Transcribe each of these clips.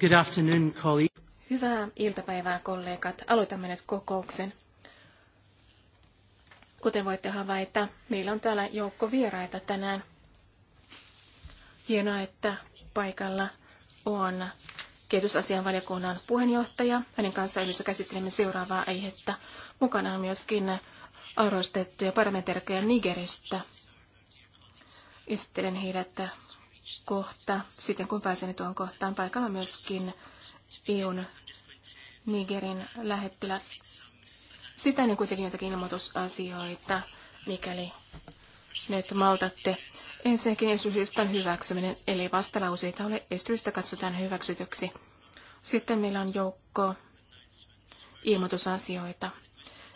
Good afternoon, colleague. Hyvää iltapäivää, kollegat. Aloitamme nyt kokouksen. Kuten voitte havaita, meillä on täällä joukko vieraita tänään. Hienoa, että paikalla on kehitysasianvaliokunnan puheenjohtaja. Hänen kanssaan yhdessä käsittelemme seuraavaa aihetta. Mukana on myöskin arvostettuja parlamentaarikkoja Nigeristä. Esittelen heidät kohta. Sitten kun pääsemme tuon kohtaan, paikalla myöskin EUn Nigerin lähettiläs. Sitä niin kuitenkin jotakin ilmoitusasioita, mikäli nyt maltatte. Ensinnäkin esityslistan hyväksyminen, eli vastalauseita ole esitystä katsotaan hyväksytyksi. Sitten meillä on joukko ilmoitusasioita.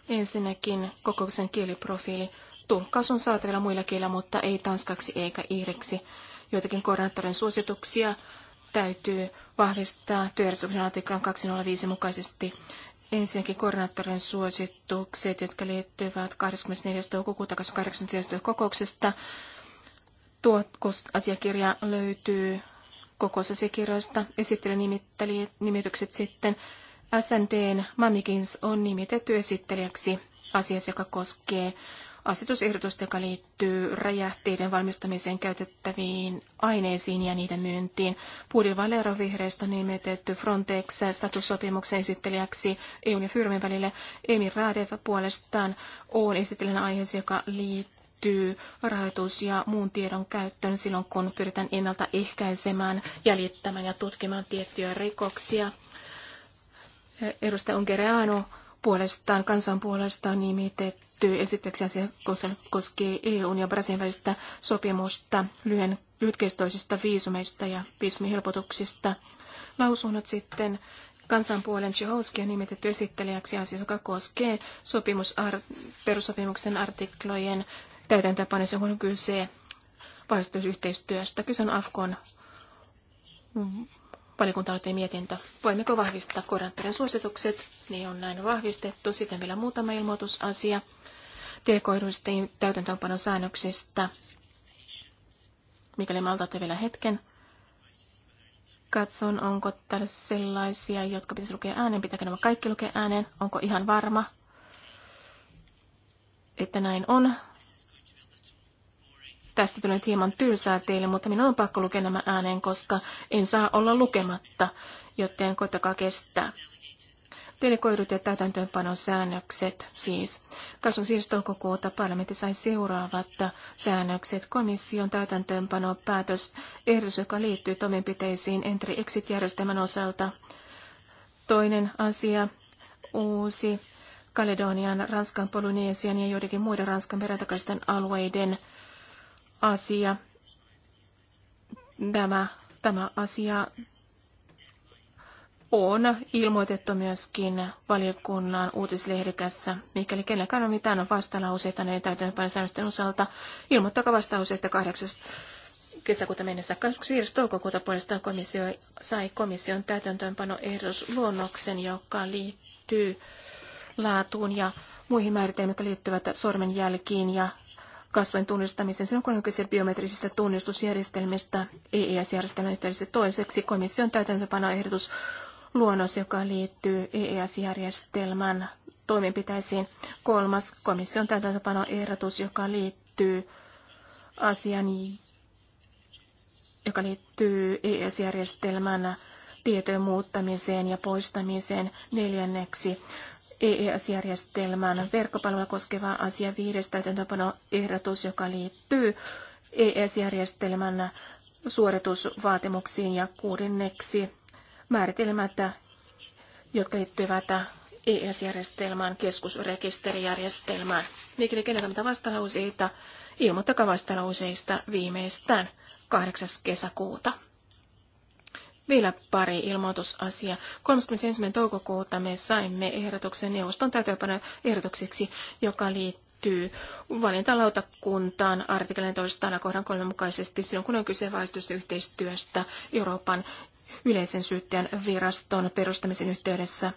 Ensinnäkin kokouksen kieliprofiili. Tulkkaus on saatavilla muilla kielillä, mutta ei tanskaksi eikä iiriksi joitakin koordinaattorin suosituksia täytyy vahvistaa työjärjestyksen artiklan 205 mukaisesti. Ensinnäkin koordinaattorin suositukset, jotka liittyvät 24. toukokuuta 2018 kokouksesta. Tuo asiakirja löytyy kokousasiakirjoista. Esittelyn nimitykset sitten. SNDn Mamikins on nimitetty esittelijäksi asiassa, joka koskee asetusehdotusta, joka liittyy räjähteiden valmistamiseen käytettäviin aineisiin ja niiden myyntiin. Puudin Valero vihreistä on nimetetty Frontex statussopimuksen esittelijäksi EUn ja Fyrmin välille. Emi Radev puolestaan on esittelijänä aiheessa, joka liittyy rahoitus- ja muun tiedon käyttöön silloin, kun pyritään ennaltaehkäisemään, jäljittämään ja tutkimaan tiettyjä rikoksia. Edustaja Ungereano puolestaan, kansan puolestaan nimitetty esityksiä, se koskee EUn ja Brasilian välistä sopimusta lyhyen, lyhytkestoisista viisumeista ja viisumihelpotuksista. Lausunnot sitten kansanpuolen Chiholski on nimitetty esittelijäksi asiassa, joka koskee sopimusar- perussopimuksen artiklojen täytäntöpanoissa, kun kyse vaihtoehtoisyhteistyöstä. Kyse on Afkon valiokunta mietintö. Voimmeko vahvistaa koordinaattorin suositukset? Niin on näin vahvistettu. Sitten vielä muutama ilmoitusasia. Tiekoiduisten täytäntöönpanon säännöksistä. Mikäli maltaatte vielä hetken. Katson, onko täällä sellaisia, jotka pitäisi lukea ääneen. Pitääkö nämä kaikki lukea ääneen? Onko ihan varma, että näin on? tästä tulee hieman tylsää teille, mutta minun on pakko lukea nämä ääneen, koska en saa olla lukematta, joten koittakaa kestää. Teille Delegoidut ja säännökset siis. 25. toukokuuta parlamentti sai seuraavat säännökset komission päätös ehdotus, joka liittyy toimenpiteisiin entry exit järjestelmän osalta. Toinen asia, uusi Kaledonian, Ranskan, Polynesian ja joidenkin muiden Ranskan perätakaisten alueiden asia. Tämä, tämä asia on ilmoitettu myöskin valiokunnan uutislehdikässä. Mikäli kenelläkään on mitään vastalauseita näiden täytäntöönpäin säännösten osalta, ilmoittakaa vastalauseista 8. kesäkuuta mennessä 25. toukokuuta puolestaan komissio sai komission luonnoksen, joka liittyy laatuun ja muihin määritelmiin, jotka liittyvät sormenjälkiin ja kasvojen tunnistamiseen silloin, kun on kyse biometrisistä tunnistusjärjestelmistä EES-järjestelmän yhteydessä. Toiseksi komission täytäntöpanoehdotus luonnos, joka liittyy EES-järjestelmän toimenpiteisiin. Kolmas komission täytäntöpanoehdotus, joka liittyy asian, joka liittyy EES-järjestelmän tietojen muuttamiseen ja poistamiseen. Neljänneksi EES-järjestelmän verkkopalvelua koskeva asia viides ehdotus, joka liittyy EES-järjestelmän suoritusvaatimuksiin ja kuudenneksi määritelmätä, jotka liittyvät ees järjestelmään keskusrekisterijärjestelmään. Mikäli keneltä vastalauseita, ilmoittakaa vastalauseista viimeistään 8. kesäkuuta. Vielä pari ilmoitusasia. 31. toukokuuta me saimme ehdotuksen neuvoston täytäntöönpano ehdotukseksi, joka liittyy valintalautakuntaan artikkelin toistaan kohdan 3 mukaisesti silloin, kun on kyse vaistosyhteistyöstä Euroopan yleisen syyttäjän viraston perustamisen yhteydessä.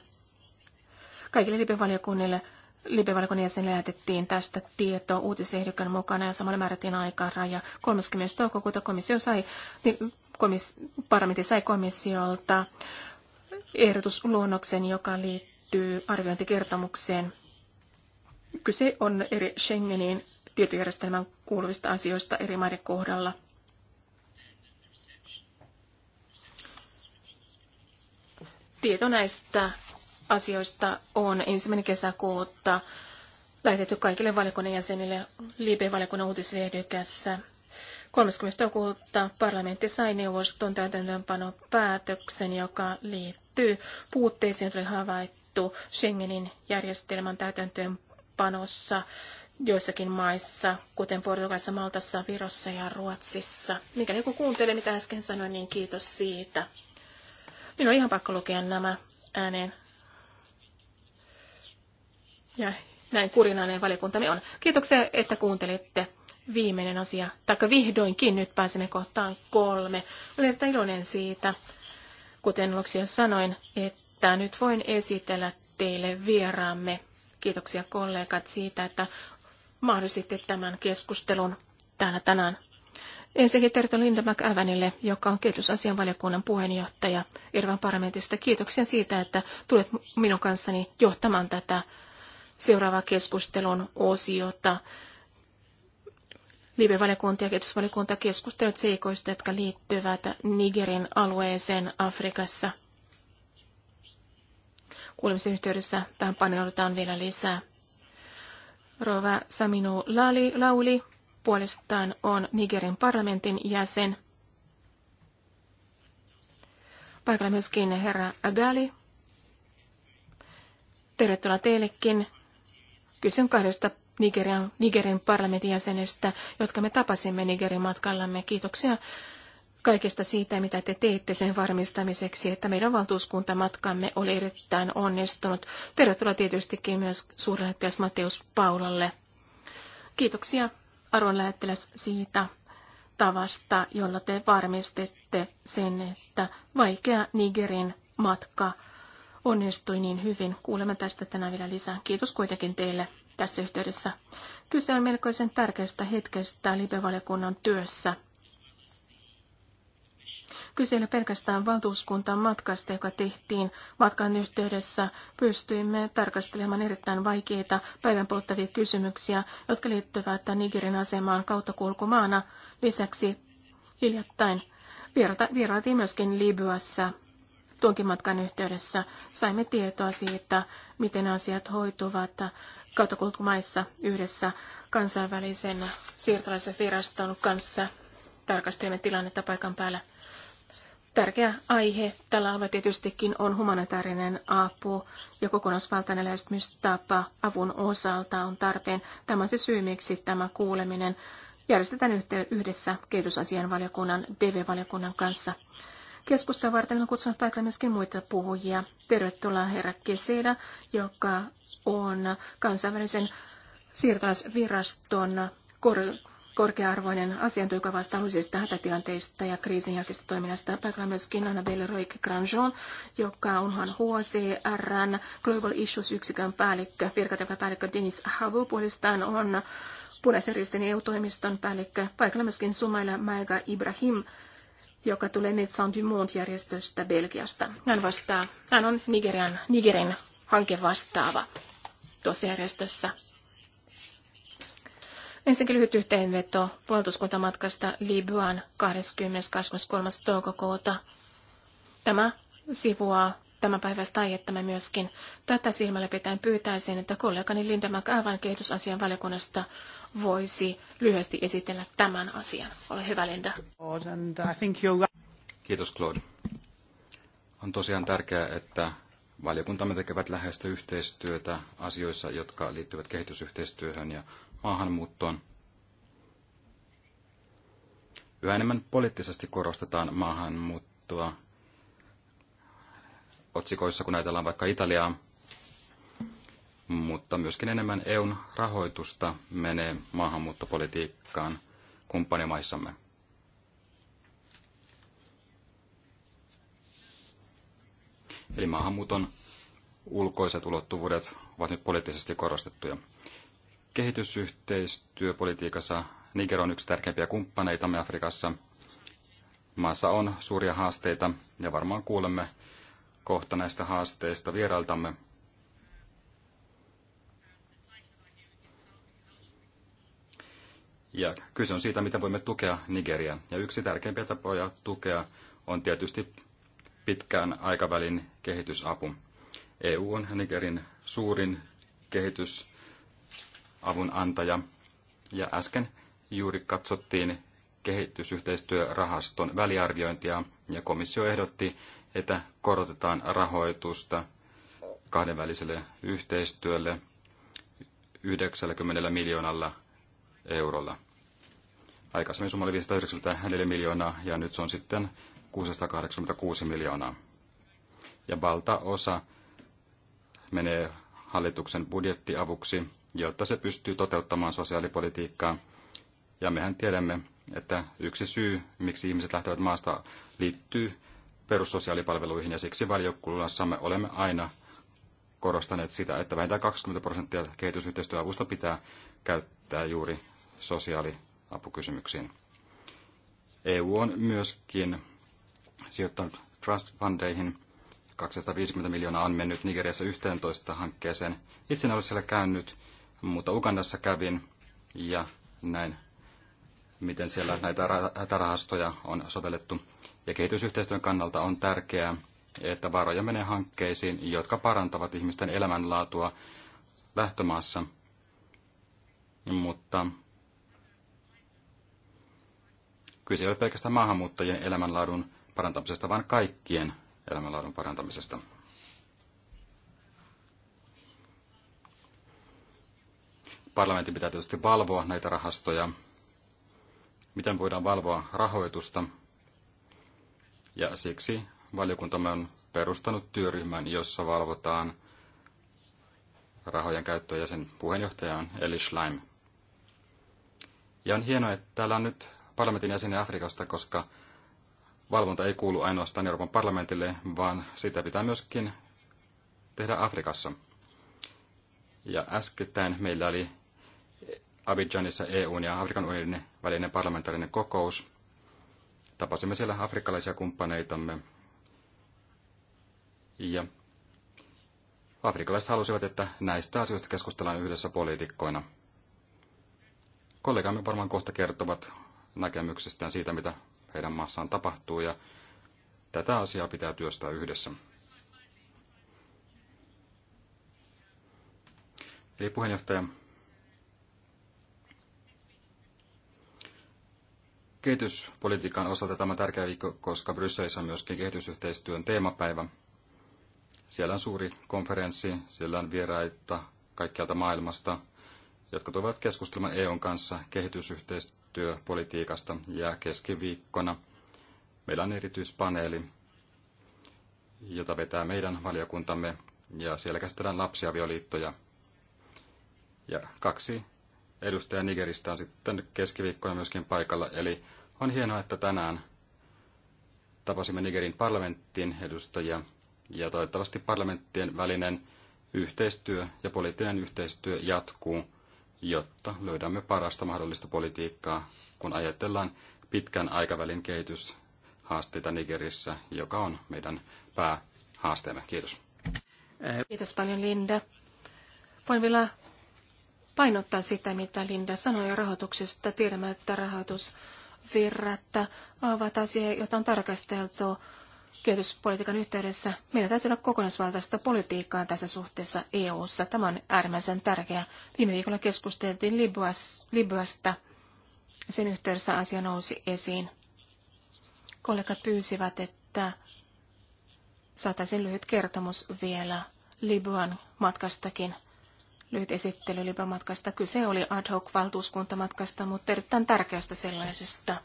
Kaikille libevaliokunnille Libevaliokunnan jäsenille lähetettiin tästä tietoa uutislehdikön mukana ja samalla määrättiin aikaraja. 30. toukokuuta komissio sai komis- parlamentti sai komissiolta ehdotusluonnoksen, joka liittyy arviointikertomukseen. Kyse on eri Schengenin tietojärjestelmän kuuluvista asioista eri maiden kohdalla. Tieto näistä asioista on ensimmäinen kesäkuuta lähetetty kaikille valiokunnan jäsenille Liipen valiokunnan uutislehdykässä 30. toukokuuta parlamentti sai neuvoston täytäntöönpano päätöksen, joka liittyy puutteisiin, jotka oli havaittu Schengenin järjestelmän täytäntöönpanossa joissakin maissa, kuten Portugalissa, Maltassa, Virossa ja Ruotsissa. Mikäli joku kuuntelee, mitä äsken sanoin, niin kiitos siitä. Minun on ihan pakko lukea nämä ääneen. Ja näin kurinainen valiokuntamme on. Kiitoksia, että kuuntelitte. Viimeinen asia, taikka vihdoinkin nyt pääsemme kohtaan kolme. Olen erittäin iloinen siitä, kuten aluksi jo sanoin, että nyt voin esitellä teille vieraamme. Kiitoksia kollegat siitä, että mahdollisitte tämän keskustelun täällä tänään. Ensinnäkin tervetuloa Linda McAvanille, joka on valiokunnan puheenjohtaja Irvan parlamentista. Kiitoksia siitä, että tulet minun kanssani johtamaan tätä Seuraava keskustelun osiota. Liivevaliokunta ja kehitysvaliokunta keskustelevat seikoista, jotka liittyvät Nigerin alueeseen Afrikassa. Kuulemisen yhteydessä tähän paneudutaan vielä lisää. Rova Saminu Lali, Lauli puolestaan on Nigerin parlamentin jäsen. Paikalla myöskin herra Agali. Tervetuloa teillekin Kyse on kahdesta Nigerian, Nigerin parlamentin jäsenestä, jotka me tapasimme Nigerin matkallamme. Kiitoksia kaikesta siitä, mitä te teette sen varmistamiseksi, että meidän valtuuskuntamatkamme oli erittäin onnistunut. Tervetuloa tietystikin myös suurlähettiläs Mateus Paulalle. Kiitoksia arvon lähettiläs siitä tavasta, jolla te varmistitte sen, että vaikea Nigerin matka – onnistui niin hyvin. Kuulemme tästä tänään vielä lisää. Kiitos kuitenkin teille tässä yhteydessä. Kyse on melkoisen tärkeästä hetkestä libevaliokunnan työssä. Kyse oli pelkästään valtuuskuntaan matkasta, joka tehtiin matkan yhteydessä. Pystyimme tarkastelemaan erittäin vaikeita päivän polttavia kysymyksiä, jotka liittyvät Nigerin asemaan kauttakulkumaana. Lisäksi hiljattain vierailtiin myöskin Libyassa Tuonkin matkan yhteydessä saimme tietoa siitä, miten asiat hoituvat kautokulkumaissa yhdessä kansainvälisen siirtolaisen kanssa. Tarkastelimme tilannetta paikan päällä. Tärkeä aihe tällä alueella tietystikin on humanitaarinen apu ja kokonaisvaltainen lähestymistapa avun osalta on tarpeen. Tämä on se syy, miksi tämä kuuleminen järjestetään yhdessä kehitysasian valiokunnan, DV-valiokunnan kanssa keskusta varten on kutsunut paikalle myöskin muita puhujia. Tervetuloa herra Keseda, joka on kansainvälisen siirtolaisviraston kor- korkea-arvoinen asiantuntija, joka vastaa uusista hätätilanteista ja kriisin jälkeistä toiminnasta. Paikalla myöskin Belle Roik Granjon, joka onhan HCR Global Issues-yksikön päällikkö, virkatepäpäällikkö Denis Havu puolestaan on punaisen ristin EU-toimiston päällikkö. Paikalla myöskin Sumaila Maiga Ibrahim, joka tulee Metsan du Monde-järjestöstä Belgiasta. Hän, vastaa, hän on Nigerian, Nigerin hanke vastaava tuossa järjestössä. Ensinnäkin lyhyt yhteenveto puolustuskuntamatkasta Libyan 20.23. toukokuuta. Tämä sivuaa tämän päivästä mä myöskin. Tätä silmällä pitäen pyytäisin, että kollegani Linda McAvan kehitysasian valiokunnasta voisi lyhyesti esitellä tämän asian. Ole hyvä, Linda. Kiitos, Claude. On tosiaan tärkeää, että valiokuntamme tekevät läheistä yhteistyötä asioissa, jotka liittyvät kehitysyhteistyöhön ja maahanmuuttoon. Yhä enemmän poliittisesti korostetaan maahanmuuttoa otsikoissa, kun ajatellaan vaikka Italiaa, mutta myöskin enemmän EUn rahoitusta menee maahanmuuttopolitiikkaan kumppanimaissamme. Eli maahanmuuton ulkoiset ulottuvuudet ovat nyt poliittisesti korostettuja. Kehitysyhteistyöpolitiikassa Niger on yksi tärkeimpiä kumppaneitamme Afrikassa. Maassa on suuria haasteita ja varmaan kuulemme kohta näistä haasteista vierailtamme. Ja kyse on siitä, miten voimme tukea Nigeriaa. Ja yksi tärkeimpiä tapoja tukea on tietysti pitkään aikavälin kehitysapu. EU on Nigerin suurin kehitysavun antaja. Ja äsken juuri katsottiin kehitysyhteistyörahaston väliarviointia ja komissio ehdotti, että korotetaan rahoitusta kahdenväliselle yhteistyölle 90 miljoonalla eurolla. Aikaisemmin summa oli 594 miljoonaa ja nyt se on sitten 686 miljoonaa. Ja valtaosa menee hallituksen budjettiavuksi, jotta se pystyy toteuttamaan sosiaalipolitiikkaa. Ja mehän tiedämme, että yksi syy, miksi ihmiset lähtevät maasta, liittyy perussosiaalipalveluihin ja siksi valiokunnassamme olemme aina korostaneet sitä, että vähintään 20 prosenttia kehitysyhteistyöavusta pitää käyttää juuri sosiaaliapukysymyksiin. EU on myöskin sijoittanut trust fundeihin. 250 miljoonaa on mennyt Nigeriassa 11 hankkeeseen. Itse en ole siellä käynyt, mutta Ugandassa kävin ja näin, miten siellä näitä rahastoja on sovellettu. Ja kehitysyhteistyön kannalta on tärkeää, että varoja menee hankkeisiin, jotka parantavat ihmisten elämänlaatua lähtömaassa. Mutta kyse ei ole pelkästään maahanmuuttajien elämänlaadun parantamisesta, vaan kaikkien elämänlaadun parantamisesta. Parlamentti pitää tietysti valvoa näitä rahastoja. Miten voidaan valvoa rahoitusta? Ja siksi valiokuntamme on perustanut työryhmän, jossa valvotaan rahojen käyttöä ja sen puheenjohtaja on Eli Schleim. Ja on hienoa, että täällä on nyt parlamentin jäseniä Afrikasta, koska valvonta ei kuulu ainoastaan Euroopan parlamentille, vaan sitä pitää myöskin tehdä Afrikassa. Ja äskettäin meillä oli Abidjanissa EUn ja Afrikan unionin välinen parlamentaarinen kokous. Tapasimme siellä afrikkalaisia kumppaneitamme. Ja afrikkalaiset halusivat, että näistä asioista keskustellaan yhdessä poliitikkoina. Kollegamme varmaan kohta kertovat näkemyksistään siitä, mitä heidän maassaan tapahtuu, ja tätä asiaa pitää työstää yhdessä. Eli puheenjohtaja, kehityspolitiikan osalta tämä on tärkeä viikko, koska Brysselissä on myöskin kehitysyhteistyön teemapäivä. Siellä on suuri konferenssi, siellä on vieraita kaikkialta maailmasta, jotka tulevat keskustelemaan EUn kanssa kehitysyhteistyöpolitiikasta. Ja keskiviikkona meillä on erityispaneeli, jota vetää meidän valiokuntamme, ja siellä käsitellään lapsiavioliittoja. Ja kaksi edustajaa Nigeristä on sitten keskiviikkona myöskin paikalla, eli on hienoa, että tänään tapasimme Nigerin parlamenttien edustajia ja toivottavasti parlamenttien välinen yhteistyö ja poliittinen yhteistyö jatkuu, jotta löydämme parasta mahdollista politiikkaa, kun ajatellaan pitkän aikavälin kehityshaasteita Nigerissä, joka on meidän päähaasteemme. Kiitos. Kiitos paljon Linda. Voin vielä painottaa sitä, mitä Linda sanoi rahoituksesta. Tiedämme, että rahoitus virrat ovat asia, jota on tarkasteltu kehityspolitiikan yhteydessä. Meillä täytyy olla kokonaisvaltaista politiikkaa tässä suhteessa EU-ssa. Tämä on äärimmäisen tärkeää. Viime viikolla keskusteltiin Libyasta. Sen yhteydessä asia nousi esiin. Kollegat pyysivät, että saataisiin lyhyt kertomus vielä Libyan matkastakin lyhyt esittely Libamatkasta. Kyse oli ad hoc valtuuskuntamatkasta, mutta erittäin tärkeästä sellaisesta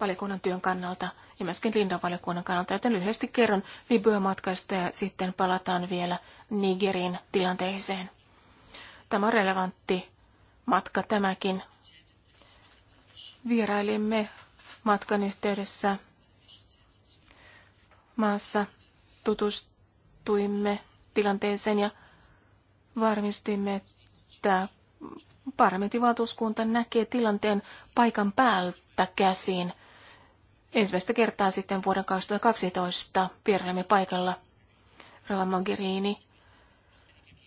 valikunnan työn kannalta ja myöskin Lindan valikunnan kannalta. Joten lyhyesti kerron Libya-matkasta ja sitten palataan vielä Nigerin tilanteeseen. Tämä on relevantti matka tämäkin. Vierailimme matkan yhteydessä maassa, tutustuimme tilanteeseen ja varmistimme, että parlamentin näkee tilanteen paikan päältä käsin. Ensimmäistä kertaa sitten vuoden 2012 vierailimme paikalla. Rova Mogherini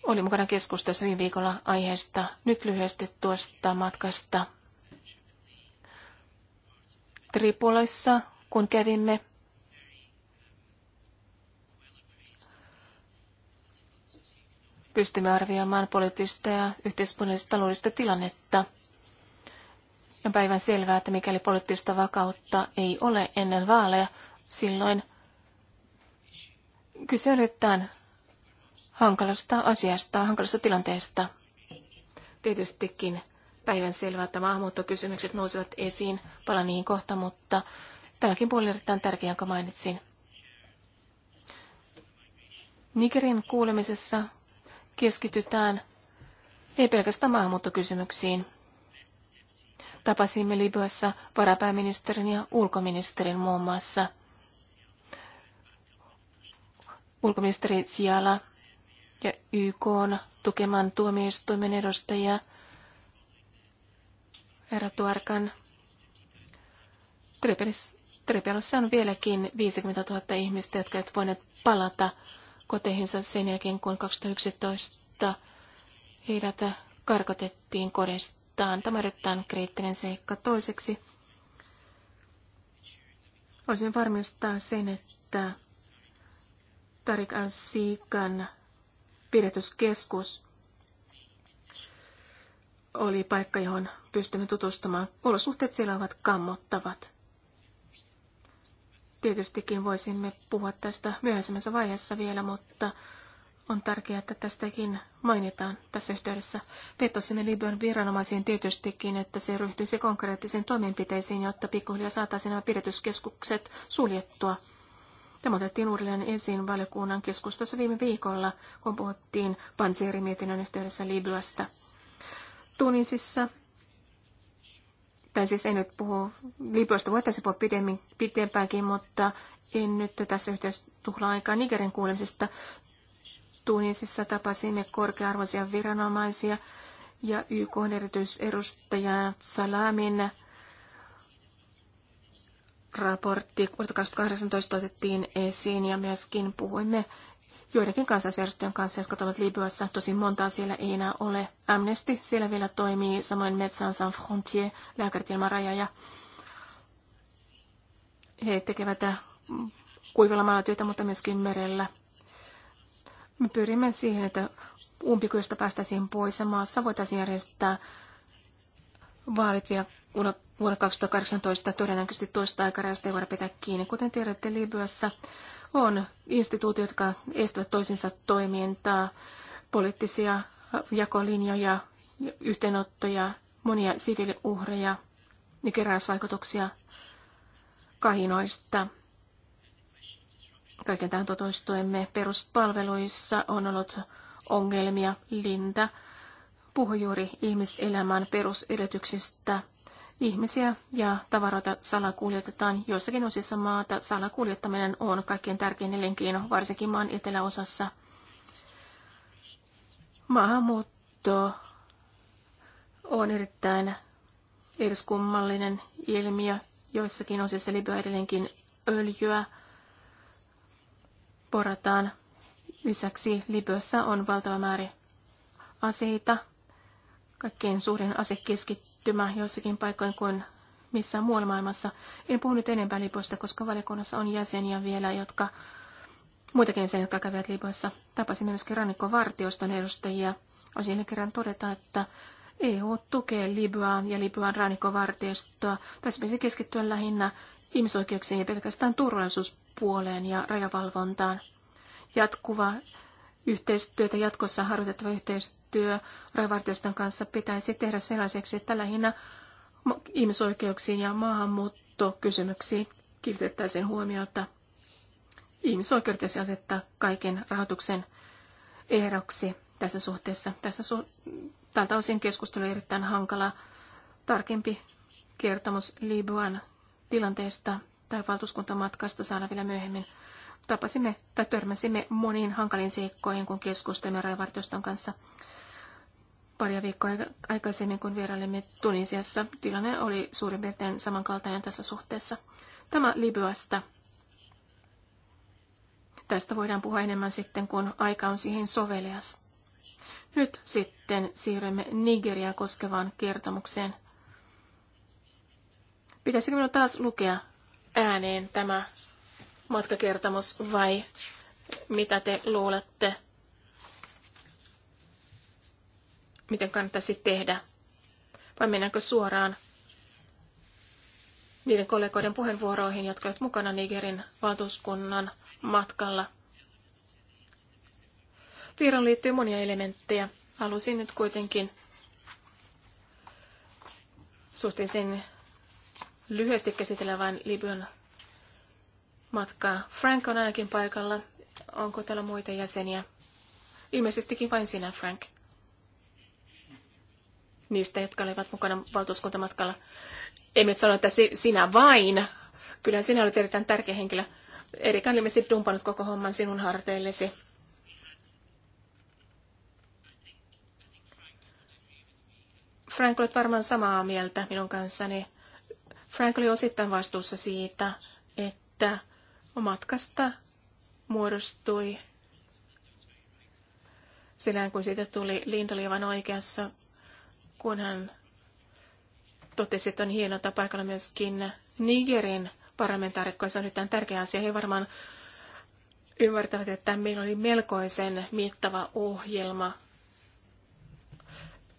oli mukana keskustelussa viime viikolla aiheesta. Nyt lyhyesti tuosta matkasta. Tripolissa, kun kävimme pystymme arvioimaan poliittista ja yhteiskunnallista taloudellista tilannetta. On päivän selvää, että mikäli poliittista vakautta ei ole ennen vaaleja, silloin kyse on erittäin hankalasta asiasta, hankalasta tilanteesta. Tietystikin päivän selvää, että maahanmuuttokysymykset nousevat esiin, pala niihin kohta, mutta tämäkin puoli on erittäin tärkeä, jonka mainitsin. Nigerin kuulemisessa keskitytään ei pelkästään maahanmuuttokysymyksiin. Tapasimme Libyassa varapääministerin ja ulkoministerin muun muassa. Ulkoministeri Siala ja YK on tukeman tuomioistuimen edustajia Herra Tuarkan. Tripolissa on vieläkin 50 000 ihmistä, jotka eivät voineet palata – koteihinsa sen jälkeen, kun 2011 heidät karkotettiin kodestaan. Tämä on kriittinen seikka. Toiseksi voisimme varmistaa sen, että Tarik al-Siikan pidetyskeskus oli paikka, johon pystymme tutustumaan. Olosuhteet siellä ovat kammottavat. Tietystikin voisimme puhua tästä myöhäisemmässä vaiheessa vielä, mutta on tärkeää, että tästäkin mainitaan tässä yhteydessä. Vetosimme Libyan viranomaisiin tietystikin, että se ryhtyisi konkreettisiin toimenpiteisiin, jotta pikkuhiljaa saataisiin nämä pidetyskeskukset suljettua. Tämä otettiin uudelleen esiin valiokunnan keskustassa viime viikolla, kun puhuttiin panseerimietinnön yhteydessä Libyasta. Tunisissa tai siis en nyt puhu, Libyasta voitaisiin puhua pidemmin, pidempäänkin, mutta en nyt tässä yhteydessä tuhlaa aikaa Nigerin kuulemisesta. Tunisissa tapasimme korkearvoisia viranomaisia ja YK erityisedustaja Salamin raportti vuodelta 2018 otettiin esiin ja myöskin puhuimme joidenkin kansalaisjärjestöjen kanssa, jotka toimivat Libyassa. Tosin montaa siellä ei enää ole. Amnesty siellä vielä toimii, samoin Médecins Sans Frontier, Lääkärit ilman rajoja. He tekevät äh, kuivilla työtä mutta myöskin merellä. Me pyrimme siihen, että umpikyöstä päästäisiin pois ja maassa voitaisiin järjestää vaalit vielä vuonna 2018 todennäköisesti toista aikarajasta ei voida pitää kiinni. Kuten tiedätte, Libyassa on instituutio, jotka estävät toisensa toimintaa, poliittisia jakolinjoja, yhteenottoja, monia siviiliuhreja ja keräysvaikutuksia kahinoista. Kaiken tähän totoistuemme peruspalveluissa on ollut ongelmia. Linda puhui juuri ihmiselämän perusedellytyksistä – Ihmisiä ja tavaroita salakuljetetaan. Joissakin osissa maata salakuljettaminen on kaikkein tärkein elinkeino, varsinkin maan eteläosassa. Maahanmuutto on erittäin eriskummallinen ilmiö. Joissakin osissa Libya edelleenkin öljyä porataan. Lisäksi Libyassa on valtava määrä aseita, kaikkein suurin asekeskittymä joissakin paikoin kuin missään muualla maailmassa. En puhu nyt enempää lipoista, koska valiokunnassa on jäseniä vielä, jotka muitakin sen, jotka kävivät lipoissa. Tapasimme myöskin rannikkovartioston edustajia. Olisin kerran todeta, että EU tukee Libyaa ja Libyan rannikkovartiostoa. Tässä pitäisi keskittyä lähinnä ihmisoikeuksiin ja pelkästään turvallisuuspuoleen ja rajavalvontaan. Jatkuva yhteistyötä jatkossa harjoitettava yhteistyö yhteistyö rajavartioston kanssa pitäisi tehdä sellaiseksi, että lähinnä ihmisoikeuksiin ja maahanmuuttokysymyksiin kiinnitettäisiin huomiota. Ihmisoikeudessa asettaa kaiken rahoituksen ehdoksi tässä suhteessa. Tässä su- tältä osin keskustelu on erittäin hankala. Tarkempi kertomus Libuan tilanteesta tai valtuuskuntamatkasta saadaan vielä myöhemmin. Tapasimme tai törmäsimme moniin hankaliin seikkoihin, kun keskustelimme rajavartioston kanssa. Paria viikkoa aikaisemmin, kun vierailimme Tunisiassa, tilanne oli suurin piirtein samankaltainen tässä suhteessa. Tämä Libyasta. Tästä voidaan puhua enemmän sitten, kun aika on siihen sovelias. Nyt sitten siirrymme Nigeriaa koskevaan kertomukseen. Pitäisikö minun taas lukea ääneen tämä matkakertomus vai mitä te luulette? miten kannattaisi tehdä? Vai mennäänkö suoraan niiden kollegoiden puheenvuoroihin, jotka ovat mukana Nigerin valtuuskunnan matkalla? Viiron liittyy monia elementtejä. Halusin nyt kuitenkin suhteellisen lyhyesti käsitellä vain Libyan matkaa. Frank on ainakin paikalla. Onko täällä muita jäseniä? Ilmeisestikin vain sinä, Frank niistä, jotka olivat mukana valtuuskuntamatkalla. En nyt sano, että sinä vain. Kyllä sinä olet erittäin tärkeä henkilö. Erika on ilmeisesti dumpannut koko homman sinun harteillesi. Frank, olet varmaan samaa mieltä minun kanssani. Frank oli osittain vastuussa siitä, että matkasta muodostui sillä kun siitä tuli Linda oli aivan oikeassa, kun hän totesi, että on hieno että paikalla myöskin Nigerin parlamentaarikko, se on nyt tärkeä asia. He varmaan ymmärtävät, että meillä oli melkoisen mittava ohjelma.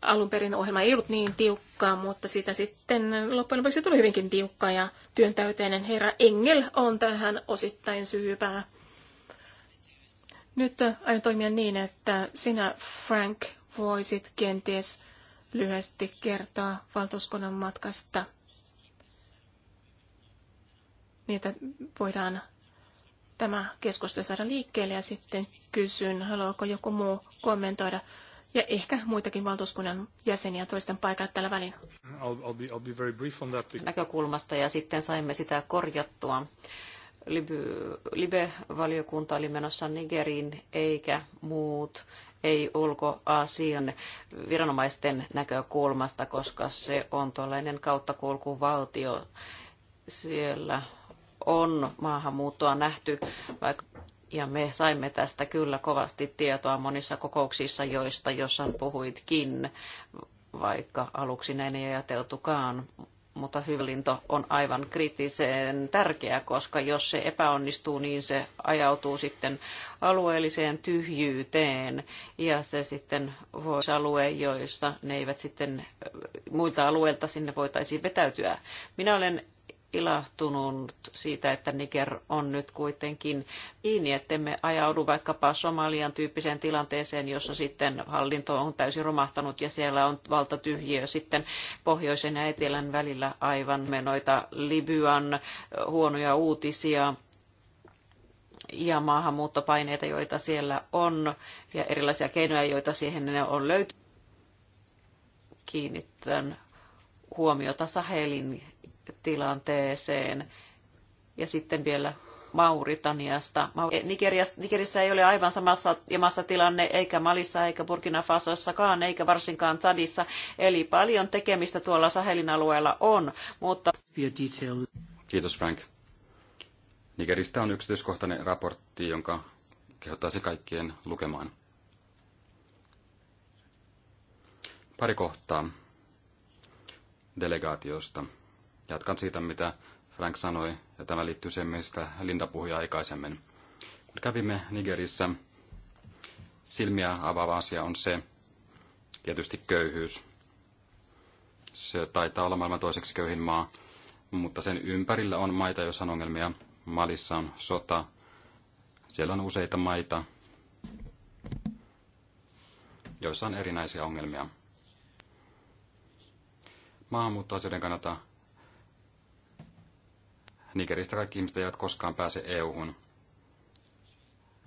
Alun perin ohjelma ei ollut niin tiukkaa, mutta siitä sitten loppujen lopuksi tuli hyvinkin tiukka ja työntäyteinen herra Engel on tähän osittain syypää. Nyt aion toimia niin, että sinä, Frank, voisit kenties – lyhyesti kertoa valtuuskunnan matkasta. Niitä voidaan tämä keskustelu saada liikkeelle ja sitten kysyn, haluaako joku muu kommentoida ja ehkä muitakin valtuuskunnan jäseniä toisten paikat tällä välin. I'll, I'll be, I'll be Näkökulmasta ja sitten saimme sitä korjattua. Libe-valiokunta oli menossa Nigeriin eikä muut ei ulkoasian viranomaisten näkökulmasta, koska se on tuollainen kauttakulkuvaltio. Siellä on maahanmuuttoa nähty, vaikka ja me saimme tästä kyllä kovasti tietoa monissa kokouksissa, joista jossain puhuitkin, vaikka aluksi näin ei ajateltukaan mutta hyvälinto on aivan kriittisen tärkeä, koska jos se epäonnistuu, niin se ajautuu sitten alueelliseen tyhjyyteen ja se sitten voi alue, joissa ne eivät sitten muilta alueilta sinne voitaisiin vetäytyä. Minä olen ilahtunut siitä, että Niger on nyt kuitenkin kiinni, ettemme ajaudu vaikkapa Somalian tyyppiseen tilanteeseen, jossa sitten hallinto on täysin romahtanut ja siellä on valtatyhjiö sitten pohjoisen ja etelän välillä aivan menoita Libyan eh, huonoja uutisia ja maahanmuuttopaineita, joita siellä on ja erilaisia keinoja, joita siihen on löytynyt. Kiinnittän huomiota Sahelin tilanteeseen. Ja sitten vielä Mauritaniasta. E, Nigerissä ei ole aivan samassa jamassa tilanne, eikä Malissa, eikä Burkina Fasoissakaan, eikä varsinkaan Tadissa Eli paljon tekemistä tuolla Sahelin alueella on, mutta... Kiitos Frank. Nigeristä on yksityiskohtainen raportti, jonka kehottaisin kaikkien lukemaan. Pari kohtaa delegaatiosta. Jatkan siitä, mitä Frank sanoi, ja tämä liittyy siihen, mistä Linda puhui aikaisemmin. Kun kävimme Nigerissä, silmiä avaava asia on se, tietysti köyhyys. Se taitaa olla maailman toiseksi köyhin maa, mutta sen ympärillä on maita, joissa on ongelmia. Malissa on sota, siellä on useita maita, joissa on erinäisiä ongelmia. Maahanmuuttoasioiden kannalta Nigeristä kaikki ihmiset eivät koskaan pääse EU-hun.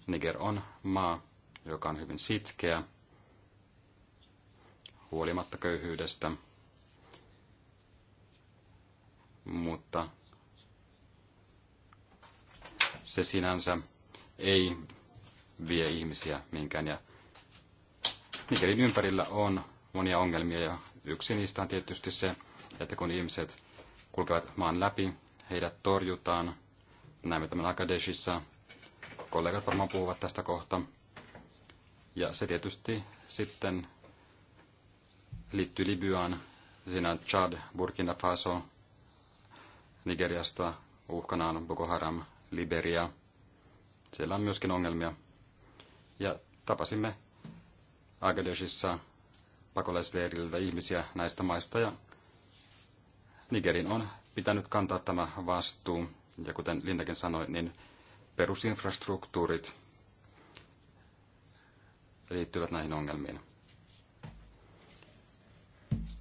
Niger on maa, joka on hyvin sitkeä, huolimatta köyhyydestä, mutta se sinänsä ei vie ihmisiä minkään. Ja Nigerin ympärillä on monia ongelmia ja yksi niistä on tietysti se, että kun ihmiset kulkevat maan läpi, heidät torjutaan. Näemme tämän Akadeshissa. Kollegat varmaan puhuvat tästä kohta. Ja se tietysti sitten liittyy Libyaan. Siinä on Chad, Burkina Faso, Nigeriasta uhkana on Boko Haram, Liberia. Siellä on myöskin ongelmia. Ja tapasimme Agadeshissa pakolaisleiriltä ihmisiä näistä maista ja Nigerin on pitää nyt kantaa tämä vastuu. Ja kuten Lindakin sanoi, niin perusinfrastruktuurit liittyvät näihin ongelmiin.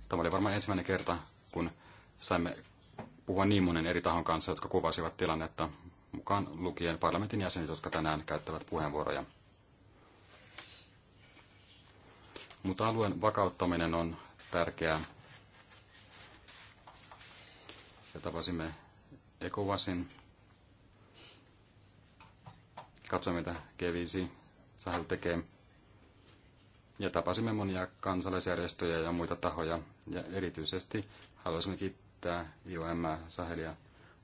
Tämä oli varmaan ensimmäinen kerta, kun saimme puhua niin monen eri tahon kanssa, jotka kuvasivat tilannetta, mukaan lukien parlamentin jäsenet, jotka tänään käyttävät puheenvuoroja. Mutta alueen vakauttaminen on tärkeää että tapasimme Ekovasin. Katsoimme, mitä G5 Sahel tekee. Ja tapasimme monia kansalaisjärjestöjä ja muita tahoja. Ja erityisesti haluaisimme kiittää IOM, Sahelia,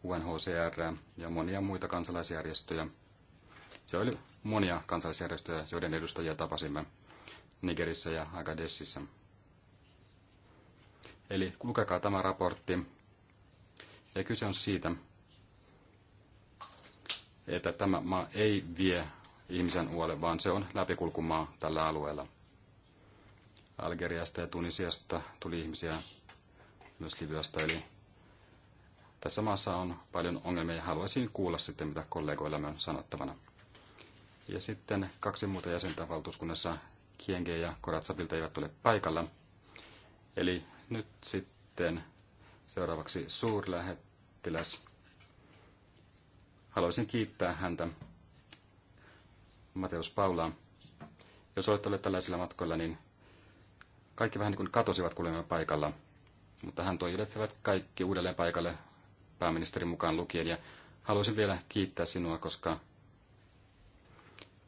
UNHCR ja monia muita kansalaisjärjestöjä. Se oli monia kansalaisjärjestöjä, joiden edustajia tapasimme Nigerissä ja Agadesissa. Eli lukekaa tämä raportti. Ja kyse on siitä, että tämä maa ei vie ihmisen uolle, vaan se on läpikulkumaa tällä alueella. Algeriasta ja Tunisiasta tuli ihmisiä myös Libyasta, eli tässä maassa on paljon ongelmia ja haluaisin kuulla sitten, mitä kollegoillamme on sanottavana. Ja sitten kaksi muuta jäsentä valtuuskunnassa, Kienge ja Koratsapilta, eivät ole paikalla. Eli nyt sitten seuraavaksi suurlähet lähettiläs. Haluaisin kiittää häntä, Mateus Paulaa. Jos olette olleet tällaisilla matkoilla, niin kaikki vähän niin kuin katosivat, kuulemma paikalla. Mutta hän toi yllättävät kaikki uudelleen paikalle pääministerin mukaan lukien. Ja haluaisin vielä kiittää sinua, koska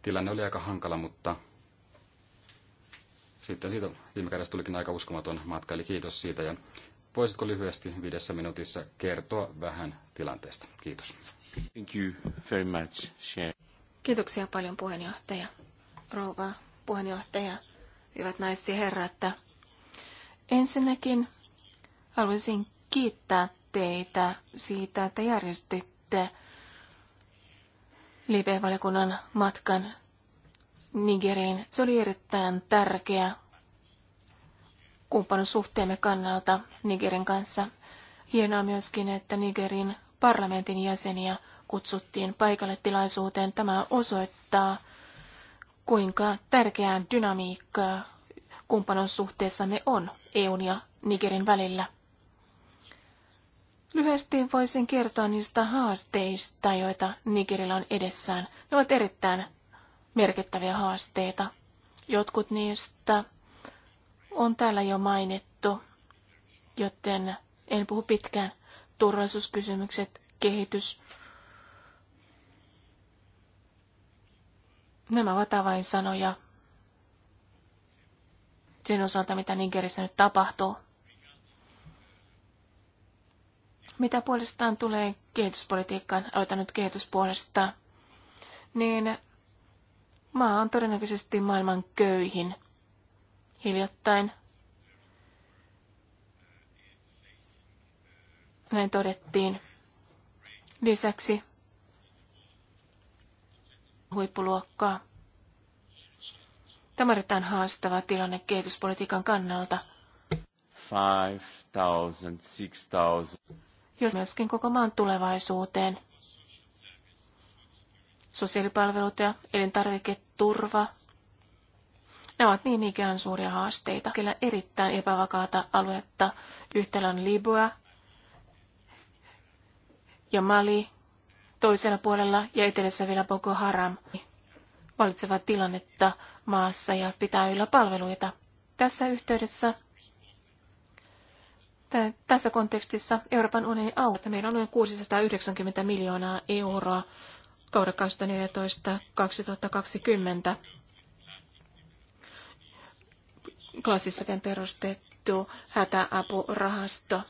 tilanne oli aika hankala, mutta sitten siitä viime kädessä tulikin aika uskomaton matka, eli kiitos siitä. Ja Voisitko lyhyesti viidessä minuutissa kertoa vähän tilanteesta? Kiitos. Thank you very much, Chair. Kiitoksia paljon puheenjohtaja. Rouva puheenjohtaja, hyvät naiset ja herrat. Ensinnäkin haluaisin kiittää teitä siitä, että järjestitte live matkan Nigeriin. Se oli erittäin tärkeä suhteemme kannalta Nigerin kanssa. Hienoa myöskin, että Nigerin parlamentin jäseniä kutsuttiin paikalle tilaisuuteen. Tämä osoittaa, kuinka tärkeää dynamiikkaa kumppanuussuhteessamme on EUn ja Nigerin välillä. Lyhyesti voisin kertoa niistä haasteista, joita Nigerillä on edessään. Ne ovat erittäin merkittäviä haasteita. Jotkut niistä on täällä jo mainittu, joten en puhu pitkään. Turvallisuuskysymykset, kehitys. Nämä ovat avainsanoja sen osalta, mitä Nigerissä nyt tapahtuu. Mitä puolestaan tulee kehityspolitiikkaan, aloitan nyt kehityspuolestaan, niin maa on todennäköisesti maailman köyhin – hiljattain. Näin todettiin. Lisäksi huippuluokkaa. Tämä on haastava tilanne kehityspolitiikan kannalta. 5000, Jos myöskin koko maan tulevaisuuteen. Sosiaalipalvelut ja elintarviketurva ne ovat niin ikään suuria haasteita, kyllä erittäin epävakaata aluetta. Yhtälä on Libya ja Mali toisella puolella ja etelässä vielä Boko Haram valitsevat tilannetta maassa ja pitää yllä palveluita. Tässä yhteydessä tässä kontekstissa Euroopan unionin auttaa. Meillä on noin 690 miljoonaa euroa kauden 2014-2020 klassisten perustettu hätäapurahasto.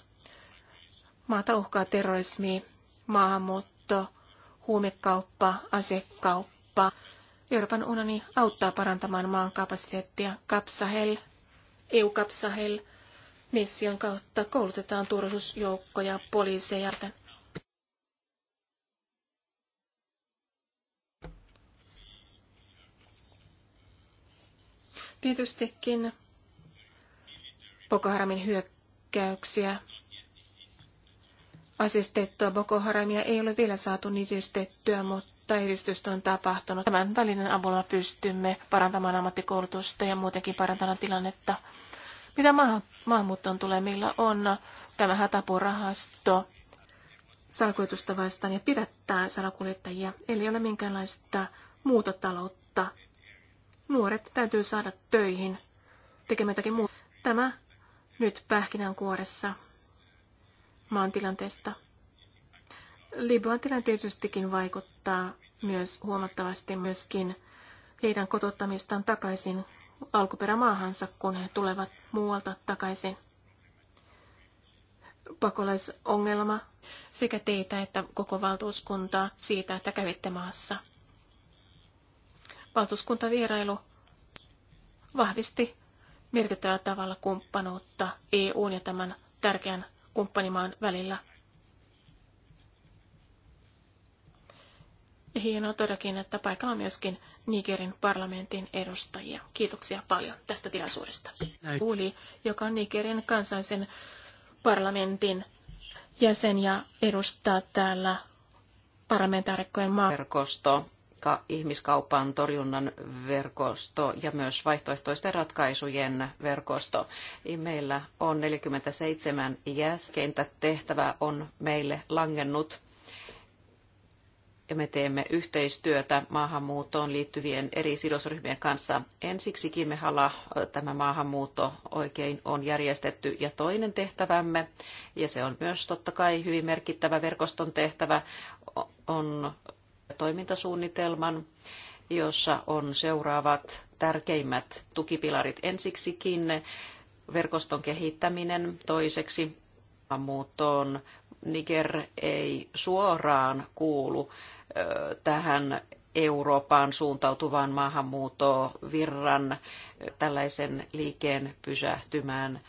Maata uhkaa terrorismi, maahanmuutto, huumekauppa, asekauppa. Euroopan unioni auttaa parantamaan maan kapasiteettia. Kapsahel, EU-Kapsahel, mission kautta koulutetaan turvallisuusjoukkoja, poliiseja. Tietystikin Boko Haramin hyökkäyksiä. Asistettua Boko Haramia ei ole vielä saatu nitistettyä, mutta edistystä on tapahtunut. Tämän välinen avulla pystymme parantamaan ammattikoulutusta ja muutenkin parantamaan tilannetta. Mitä maahan, maahanmuuttoon tulee, meillä on tämä hätäpurahasto salakuljetusta vastaan ja pidättää salakuljettajia, eli ei ole minkäänlaista muuta taloutta. Nuoret täytyy saada töihin tekemään jotakin muuta. Tämä nyt pähkinänkuoressa maan tilanteesta. Libyan tilanne tietystikin vaikuttaa myös huomattavasti myöskin heidän kotottamistaan takaisin alkuperämaahansa, kun he tulevat muualta takaisin. Pakolaisongelma sekä teitä että koko valtuuskuntaa siitä, että kävitte maassa. Valtuuskuntavierailu vahvisti merkittävällä tavalla kumppanuutta EUn ja tämän tärkeän kumppanimaan välillä. Ja hienoa todellakin, että paikalla on myöskin Nigerin parlamentin edustajia. Kiitoksia paljon tästä tilaisuudesta. Kuuli, joka on Nigerin kansallisen parlamentin jäsen ja edustaa täällä parlamentaarikkojen maa ihmiskaupan torjunnan verkosto ja myös vaihtoehtoisten ratkaisujen verkosto. Meillä on 47 jäskeintä tehtävää on meille langennut ja me teemme yhteistyötä maahanmuuttoon liittyvien eri sidosryhmien kanssa. Ensiksikin me hala tämä maahanmuutto oikein on järjestetty ja toinen tehtävämme, ja se on myös totta kai hyvin merkittävä verkoston tehtävä, on toimintasuunnitelman, jossa on seuraavat tärkeimmät tukipilarit ensiksikin verkoston kehittäminen, toiseksi muuttoon Niger ei suoraan kuulu tähän Euroopan suuntautuvaan virran tällaisen liikkeen pysähtymään.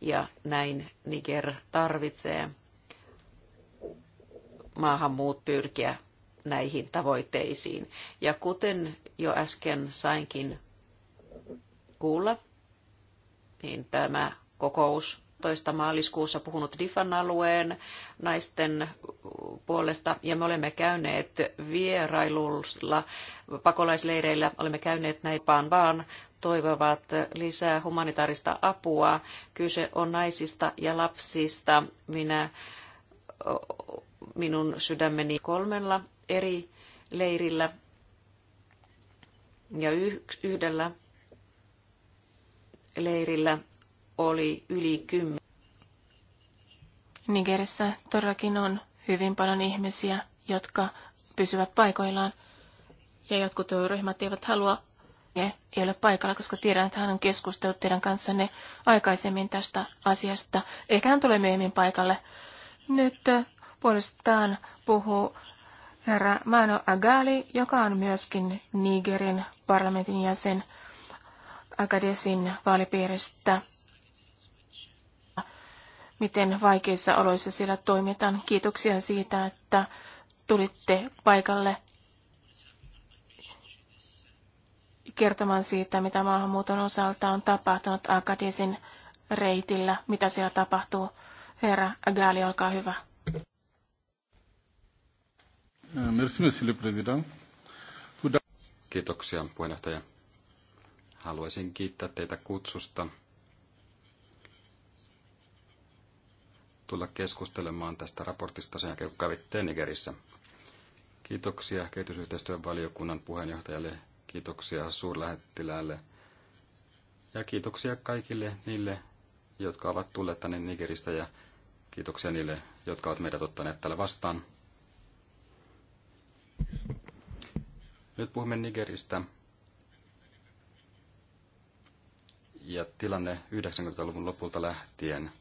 Ja näin Niger tarvitsee maahan muut pyrkiä näihin tavoitteisiin. Ja kuten jo äsken sainkin kuulla, niin tämä kokous toista maaliskuussa puhunut Difan alueen naisten puolesta ja me olemme käyneet vierailulla pakolaisleireillä, olemme käyneet vaan vaan toivovat lisää humanitaarista apua. Kyse on naisista ja lapsista. Minä minun sydämeni kolmella eri leirillä ja yhdellä leirillä oli yli kymmenen. Nigerissä todellakin on hyvin paljon ihmisiä, jotka pysyvät paikoillaan ja jotkut ryhmät eivät halua ja ei ole paikalla, koska tiedän, että hän on keskustellut teidän kanssanne aikaisemmin tästä asiasta. Ehkä hän tulee myöhemmin paikalle. Nyt puolestaan puhuu herra Mano Agali, joka on myöskin Nigerin parlamentin jäsen Agadesin vaalipiiristä. Miten vaikeissa oloissa siellä toimitaan. Kiitoksia siitä, että tulitte paikalle kertomaan siitä, mitä maahanmuuton osalta on tapahtunut Akadesin reitillä, mitä siellä tapahtuu. Herra Agali, olkaa hyvä. Eh, merci, monsieur le président. Kiitoksia, puheenjohtaja. Haluaisin kiittää teitä kutsusta tulla keskustelemaan tästä raportista sen jälkeen, kun kävitte Nigerissä. Kiitoksia kehitysyhteistyön valiokunnan puheenjohtajalle, kiitoksia suurlähettiläälle ja kiitoksia kaikille niille, jotka ovat tulleet tänne Nigeristä ja kiitoksia niille, jotka ovat meidät ottaneet täällä vastaan. Nyt puhumme Nigeristä ja tilanne 90-luvun lopulta lähtien.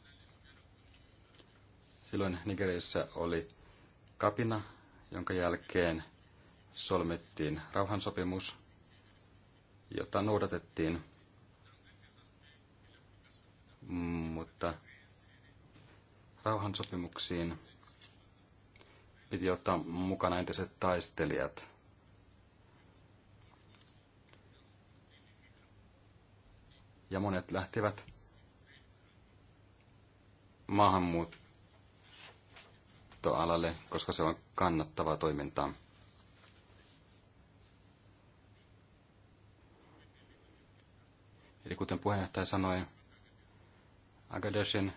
Silloin Nigerissä oli kapina, jonka jälkeen solmittiin rauhansopimus, jota noudatettiin, mutta rauhansopimuksiin piti ottaa mukana entiset taistelijat – ja monet lähtivät maahanmuuttoalalle, koska se on kannattavaa toimintaa. Eli kuten puheenjohtaja sanoi, Agadeshin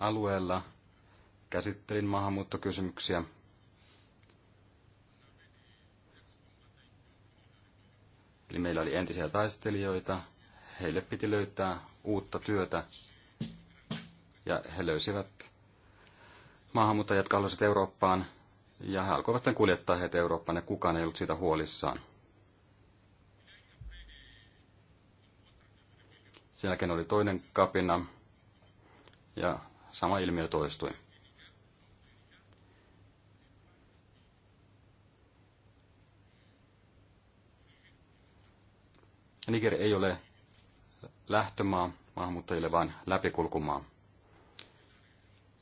alueella käsittelin maahanmuuttokysymyksiä. Eli meillä oli entisiä taistelijoita, heille piti löytää uutta työtä ja he löysivät maahanmuuttajat, jotka halusivat Eurooppaan ja he alkoivat sitten kuljettaa heitä Eurooppaan ja kukaan ei ollut siitä huolissaan. Sen jälkeen oli toinen kapina ja sama ilmiö toistui. Niger ei ole lähtömaa maahanmuuttajille, vaan läpikulkumaa.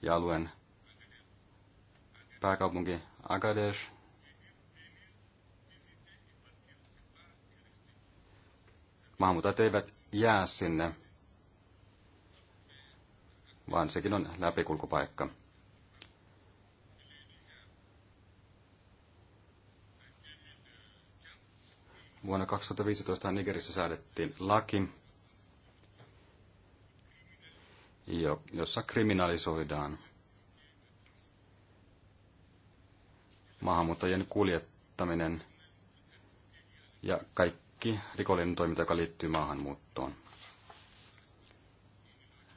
Ja alueen pääkaupunki Agadesh maahanmuuttajat eivät jää sinne, vaan sekin on läpikulkupaikka. Vuonna 2015 Nigerissä säädettiin laki, jossa kriminalisoidaan maahanmuuttajien kuljettaminen ja kaikki rikollinen toiminta, joka liittyy maahanmuuttoon.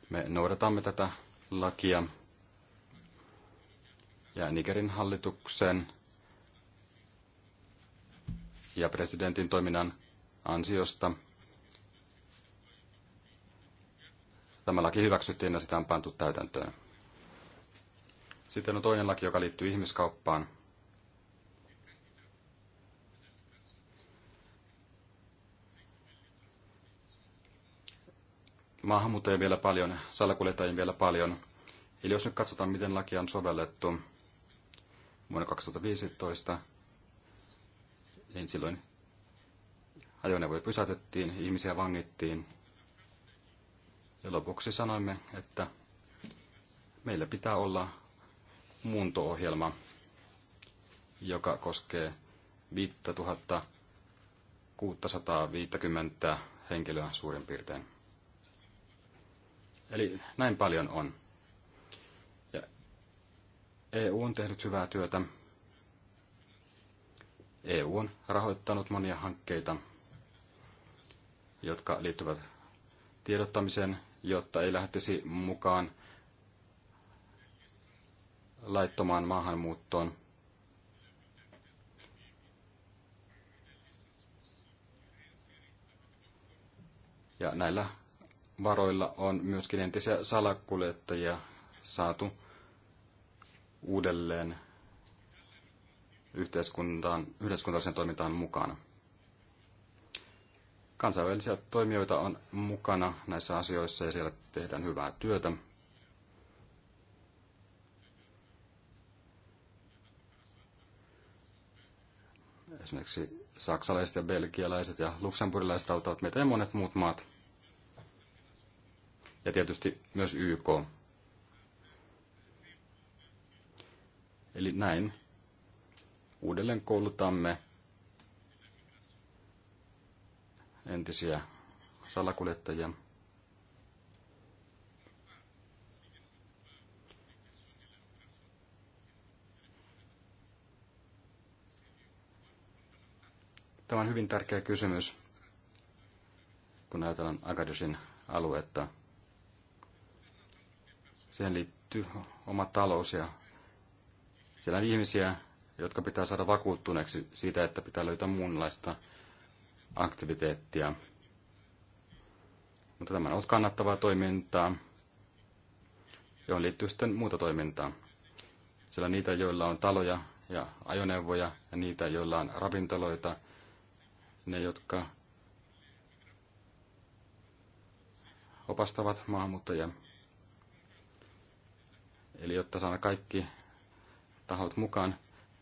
Me noudatamme tätä lakia ja Nigerin hallituksen ja presidentin toiminnan ansiosta – Tämä laki hyväksyttiin ja sitä on pantu täytäntöön. Sitten on toinen laki, joka liittyy ihmiskauppaan. Maahanmuuttajien vielä paljon, salakuljettajien vielä paljon. Eli jos nyt katsotaan, miten laki on sovellettu vuonna 2015, niin silloin ajoneuvoja pysäytettiin, ihmisiä vangittiin ja lopuksi sanoimme, että meillä pitää olla muuntoohjelma, joka koskee 5650 henkilöä suurin piirtein. Eli näin paljon on. Ja EU on tehnyt hyvää työtä. EU on rahoittanut monia hankkeita, jotka liittyvät tiedottamiseen jotta ei lähtisi mukaan laittomaan maahanmuuttoon. Ja näillä varoilla on myöskin entisiä salakuljettajia saatu uudelleen yhteiskuntaan, yhteiskuntaan toimintaan mukana. Kansainvälisiä toimijoita on mukana näissä asioissa ja siellä tehdään hyvää työtä. Esimerkiksi saksalaiset ja belgialaiset ja luksemburilaiset auttavat meitä ja monet muut maat. Ja tietysti myös YK. Eli näin uudelleen koulutamme entisiä salakuljettajia. Tämä on hyvin tärkeä kysymys, kun ajatellaan Agadesin aluetta. Siihen liittyy oma talous ja siellä on ihmisiä, jotka pitää saada vakuuttuneeksi siitä, että pitää löytää muunlaista aktiviteettia. Mutta tämä on ollut kannattavaa toimintaa, johon liittyy sitten muuta toimintaa. Sillä niitä, joilla on taloja ja ajoneuvoja, ja niitä, joilla on ravintoloita, ne, jotka opastavat maahanmuuttajia. Eli jotta saamme kaikki tahot mukaan,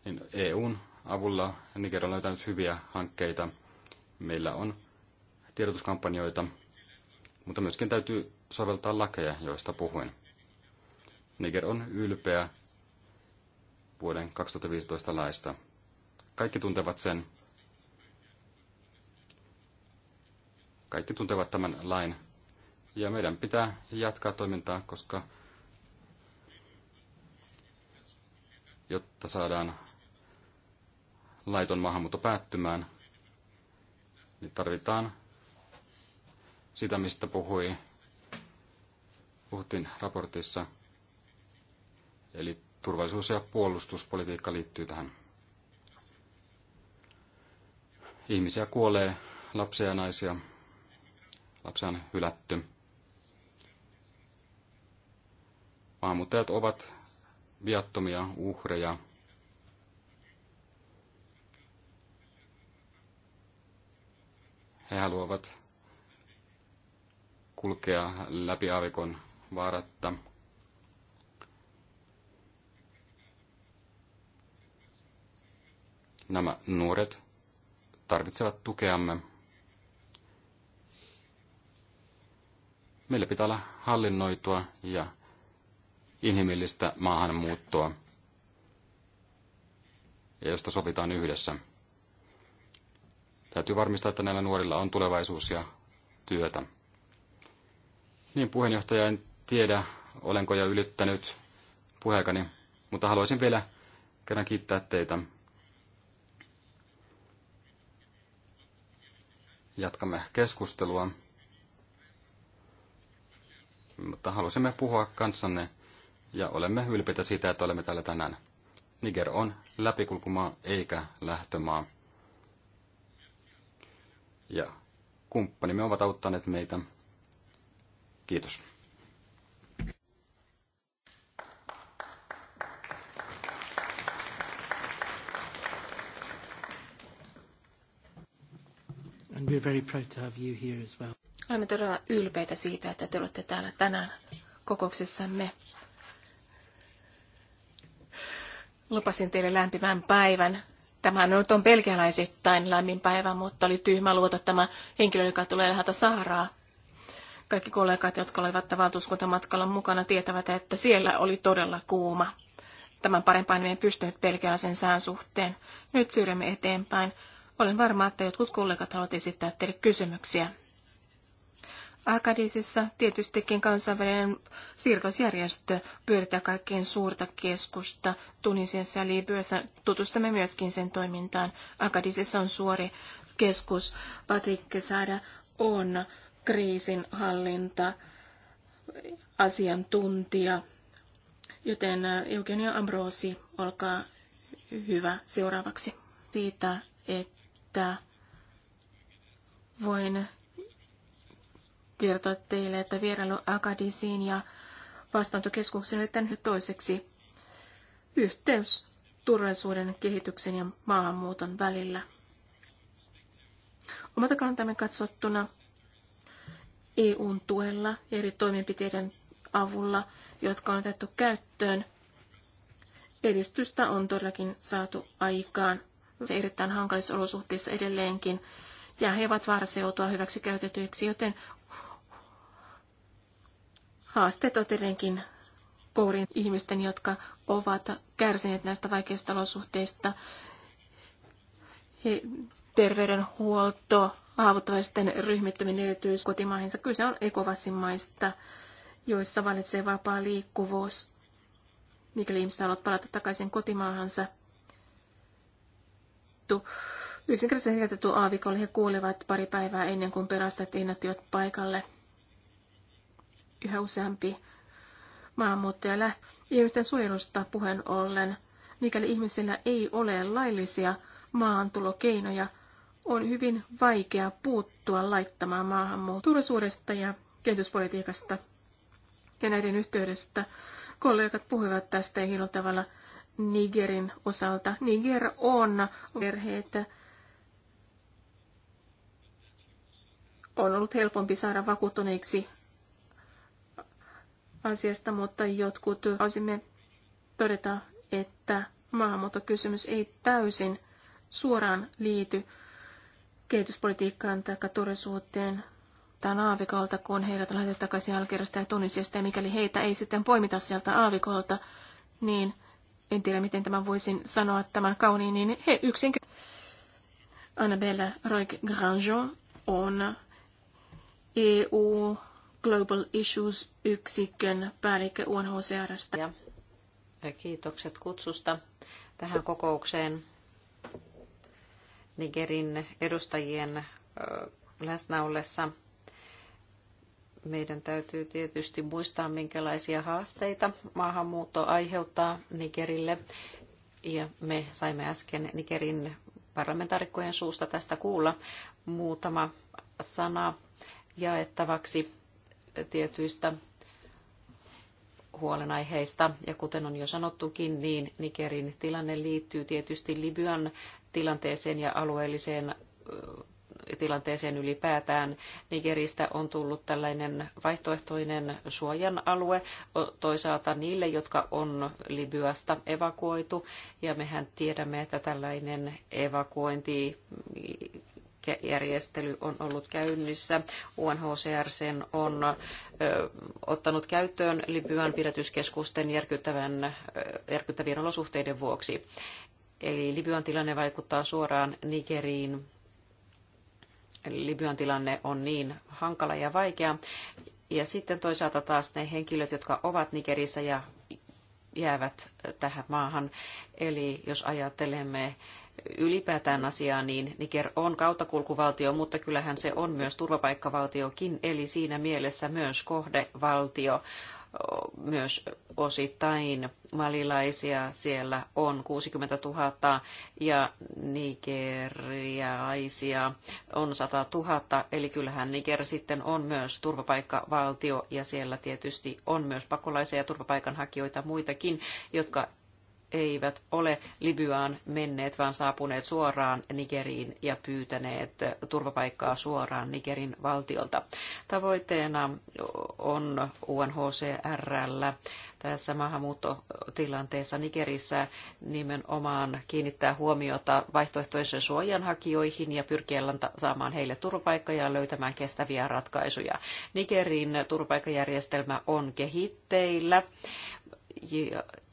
niin EUn avulla Niger on löytänyt hyviä hankkeita – Meillä on tiedotuskampanjoita, mutta myöskin täytyy soveltaa lakeja, joista puhuin. Niger on ylpeä vuoden 2015 laista. Kaikki tuntevat sen. Kaikki tuntevat tämän lain. Ja meidän pitää jatkaa toimintaa, koska jotta saadaan laiton maahanmuutto päättymään, nyt niin tarvitaan sitä, mistä puhui, puhuttiin raportissa. Eli turvallisuus- ja puolustuspolitiikka liittyy tähän. Ihmisiä kuolee, lapsia ja naisia. Lapsia on hylätty. Maahanmuuttajat ovat viattomia uhreja He haluavat kulkea läpi aavikon vaaratta. Nämä nuoret tarvitsevat tukeamme. Meillä pitää olla hallinnoitua ja inhimillistä maahanmuuttoa, josta sovitaan yhdessä. Täytyy varmistaa, että näillä nuorilla on tulevaisuus ja työtä. Niin, puheenjohtaja, en tiedä, olenko jo ylittänyt puheekani, mutta haluaisin vielä kerran kiittää teitä. Jatkamme keskustelua, mutta halusimme puhua kanssanne ja olemme ylpeitä siitä, että olemme täällä tänään. Niger on läpikulkumaa eikä lähtömaa ja kumppanimme ovat auttaneet meitä. Kiitos. And we're very proud to have you here as well. Olemme todella ylpeitä siitä, että te olette täällä tänään kokouksessamme. Lupasin teille lämpimän päivän Tämä nyt on belgialaisittain lämmin päivä, mutta oli tyhmä luota tämä henkilö, joka tulee läheltä Saharaa. Kaikki kollegat, jotka olivat valtuuskuntamatkalla mukana, tietävät, että siellä oli todella kuuma. Tämän parempaan me en pystynyt pelkäläisen sään suhteen. Nyt siirrymme eteenpäin. Olen varma, että jotkut kollegat haluavat esittää teille kysymyksiä. Akadisissa tietystikin kansainvälinen siirtosjärjestö pyörittää kaikkein suurta keskusta Tunisiassa ja Libyassa. Tutustamme myöskin sen toimintaan. Akadisissa on suori keskus. Patrick Saada on kriisinhallinta asiantuntija, joten äh, Eugenio Ambrosi, olkaa hyvä seuraavaksi siitä, että voin kertoa teille, että vierailu Akadisiin ja vastaantokeskuksen oli tänne toiseksi yhteys turvallisuuden kehityksen ja maahanmuuton välillä. Omalta kantamme katsottuna EUn tuella ja eri toimenpiteiden avulla, jotka on otettu käyttöön, edistystä on todellakin saatu aikaan. Se erittäin hankalissa olosuhteissa edelleenkin, ja he ovat vaaraseutua hyväksi käytetyiksi, joten Haasteet on tietenkin kourin ihmisten, jotka ovat kärsineet näistä vaikeista olosuhteista. terveydenhuolto, haavoittuvaisten ryhmittyminen erityis kotimaihinsa. Kyse on ekovasimmaista, maista, joissa valitsee vapaa liikkuvuus. Mikäli ihmiset haluavat palata takaisin kotimaahansa, tu. Yksinkertaisesti kirjoitettu aavikolle he kuulivat pari päivää ennen kuin perastettiin ennättivät paikalle yhä useampi maahanmuuttaja lähtee. Ihmisten suojelusta puheen ollen, mikäli ihmisillä ei ole laillisia maahantulokeinoja, on hyvin vaikea puuttua laittamaan maahanmuuttoa. Turvallisuudesta ja kehityspolitiikasta ja näiden yhteydestä kollegat puhuivat tästä ihan tavalla Nigerin osalta. Niger on perheitä. On ollut helpompi saada vakuuttuneiksi asiasta, mutta jotkut haluaisimme todeta, että maahanmuuttokysymys ei täysin suoraan liity kehityspolitiikkaan tai turvallisuuteen tai aavikolta, kun heidät lähetetään takaisin Algeriasta ja Tunisiasta, ja mikäli heitä ei sitten poimita sieltä aavikolta, niin en tiedä, miten tämän voisin sanoa tämän kauniin, niin he yksinkertaisesti. Annabelle roig Grangeon on EU Global Issues-yksikön päällikkö UNHCRstä. Ja kiitokset kutsusta tähän kokoukseen. Nigerin edustajien läsnä ollessa meidän täytyy tietysti muistaa, minkälaisia haasteita maahanmuutto aiheuttaa Nigerille. Ja me saimme äsken Nigerin parlamentaarikkojen suusta tästä kuulla muutama sana jaettavaksi tietyistä huolenaiheista. Ja kuten on jo sanottukin, niin Nigerin tilanne liittyy tietysti Libyan tilanteeseen ja alueelliseen tilanteeseen ylipäätään. Nigeristä on tullut tällainen vaihtoehtoinen suojan alue toisaalta niille, jotka on Libyasta evakuoitu. Ja mehän tiedämme, että tällainen evakuointi järjestely on ollut käynnissä. UNHCR sen on ottanut käyttöön Libyan pidätyskeskusten järkyttävän, järkyttävien olosuhteiden vuoksi. Eli Libyan tilanne vaikuttaa suoraan Nigeriin. Libyan tilanne on niin hankala ja vaikea. Ja sitten toisaalta taas ne henkilöt, jotka ovat Nigerissä ja jäävät tähän maahan. Eli jos ajattelemme ylipäätään asiaa, niin Niger on kauttakulkuvaltio, mutta kyllähän se on myös turvapaikkavaltiokin, eli siinä mielessä myös kohdevaltio myös osittain malilaisia siellä on 60 000 ja nigeriaisia on 100 000, eli kyllähän Niger sitten on myös turvapaikkavaltio ja siellä tietysti on myös pakolaisia ja turvapaikanhakijoita muitakin, jotka eivät ole Libyaan menneet, vaan saapuneet suoraan Nigeriin ja pyytäneet turvapaikkaa suoraan Nigerin valtiolta. Tavoitteena on UNHCRllä tässä maahanmuuttotilanteessa Nigerissä nimenomaan kiinnittää huomiota vaihtoehtoisen suojanhakijoihin ja pyrkiä saamaan heille turvapaikka ja löytämään kestäviä ratkaisuja. Nigerin turvapaikkajärjestelmä on kehitteillä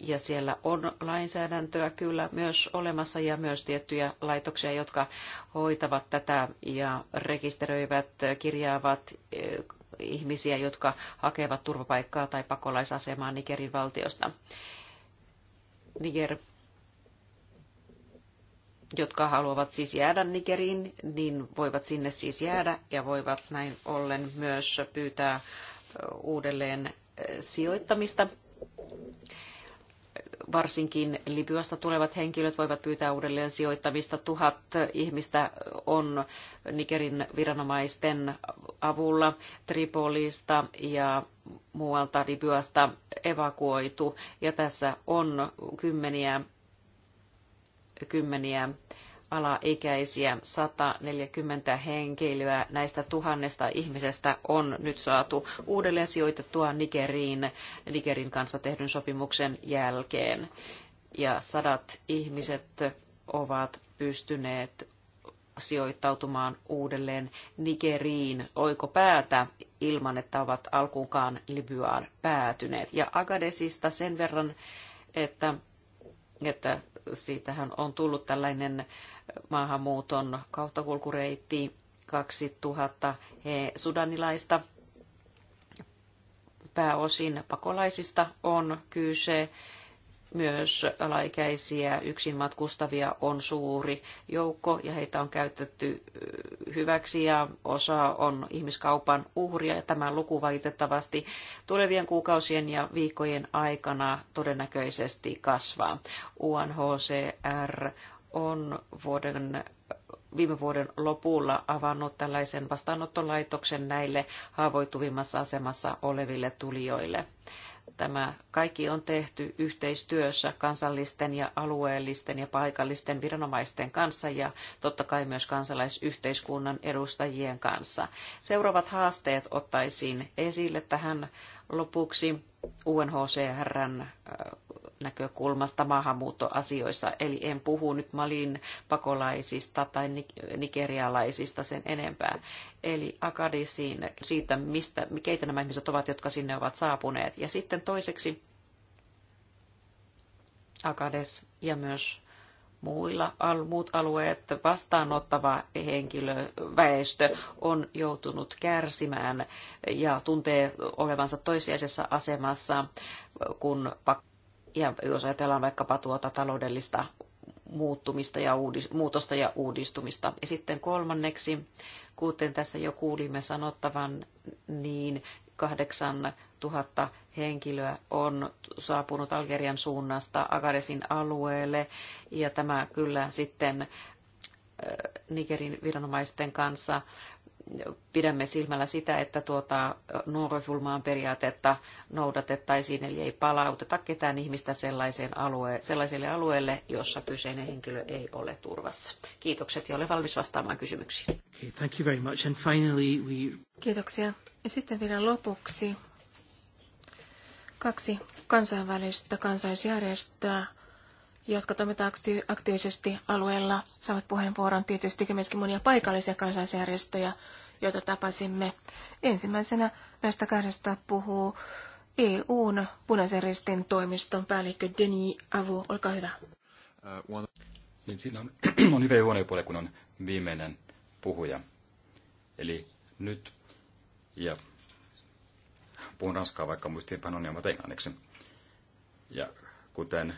ja, siellä on lainsäädäntöä kyllä myös olemassa ja myös tiettyjä laitoksia, jotka hoitavat tätä ja rekisteröivät, kirjaavat eh, ihmisiä, jotka hakevat turvapaikkaa tai pakolaisasemaa Nigerin valtiosta. Niger jotka haluavat siis jäädä Nigeriin, niin voivat sinne siis jäädä ja voivat näin ollen myös pyytää eh, uudelleen eh, sijoittamista varsinkin Libyasta tulevat henkilöt voivat pyytää uudelleen sijoittamista. Tuhat ihmistä on Nigerin viranomaisten avulla Tripolista ja muualta Libyasta evakuoitu. Ja tässä on kymmeniä, kymmeniä alaikäisiä. 140 henkilöä näistä tuhannesta ihmisestä on nyt saatu uudelleen sijoitettua Nigeriin Nigerin kanssa tehdyn sopimuksen jälkeen. Ja sadat ihmiset ovat pystyneet sijoittautumaan uudelleen Nigeriin oikopäätä ilman, että ovat alkuunkaan Libyaan päätyneet. Ja Agadesista sen verran, että, että siitähän on tullut tällainen maahanmuuton kauttakulkureitti 2000 he, sudanilaista pääosin pakolaisista on kyse. Myös alaikäisiä yksin matkustavia on suuri joukko ja heitä on käytetty hyväksi ja osa on ihmiskaupan uhria. Tämä luku valitettavasti tulevien kuukausien ja viikkojen aikana todennäköisesti kasvaa. UNHCR on vuoden, viime vuoden lopulla avannut tällaisen vastaanottolaitoksen näille haavoittuvimmassa asemassa oleville tulijoille. Tämä kaikki on tehty yhteistyössä kansallisten ja alueellisten ja paikallisten viranomaisten kanssa ja totta kai myös kansalaisyhteiskunnan edustajien kanssa. Seuraavat haasteet ottaisin esille tähän lopuksi UNHCRn näkökulmasta maahanmuuttoasioissa. Eli en puhu nyt Malin pakolaisista tai nigerialaisista sen enempää. Eli Akadisiin siitä, mistä, keitä nämä ihmiset ovat, jotka sinne ovat saapuneet. Ja sitten toiseksi Akades ja myös muilla muut alueet vastaanottava henkilö, väestö on joutunut kärsimään ja tuntee olevansa toisiaisessa asemassa, kun pakko ja jos ajatellaan vaikkapa tuota taloudellista muuttumista ja uudis, muutosta ja uudistumista. Ja sitten kolmanneksi, kuten tässä jo kuulimme sanottavan, niin 8000 henkilöä on saapunut Algerian suunnasta Agaresin alueelle ja tämä kyllä sitten Nigerin viranomaisten kanssa pidämme silmällä sitä, että tuota nuorofulmaan periaatetta noudatettaisiin, eli ei palauteta ketään ihmistä sellaiseen alue, sellaiselle alueelle, jossa kyseinen henkilö ei ole turvassa. Kiitokset ja olen valmis vastaamaan kysymyksiin. Okay, thank you very much. And finally we... Kiitoksia. Ja sitten vielä lopuksi kaksi kansainvälistä kansaisjärjestöä jotka toimivat aktiivisesti alueella, saavat puheenvuoron tietysti myöskin monia paikallisia kansalaisjärjestöjä, joita tapasimme. Ensimmäisenä näistä kahdesta puhuu EUn punaisen ristin toimiston päällikkö Denis Avu. Olkaa hyvä. Uh, niin siinä on, on hyvä huono puoli, kun on viimeinen puhuja. Eli nyt, ja puhun ranskaa, vaikka muistiinpanonia niin mä Ja kuten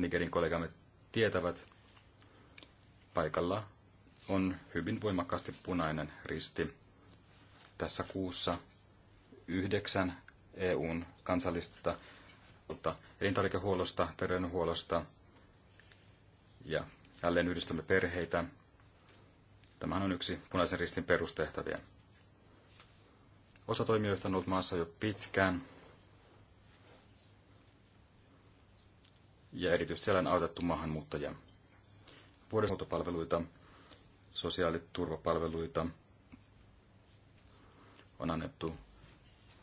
Nigerin kollegamme tietävät, paikalla on hyvin voimakkaasti punainen risti. Tässä kuussa yhdeksän EUn kansallista mutta elintarvikehuollosta, terveydenhuollosta ja jälleen yhdistämme perheitä. tämä on yksi punaisen ristin perustehtäviä. Osa toimijoista on ollut maassa jo pitkään, ja erityisesti siellä on autettu maahanmuuttajia. Vuodemuutopalveluita, sosiaaliturvapalveluita, on annettu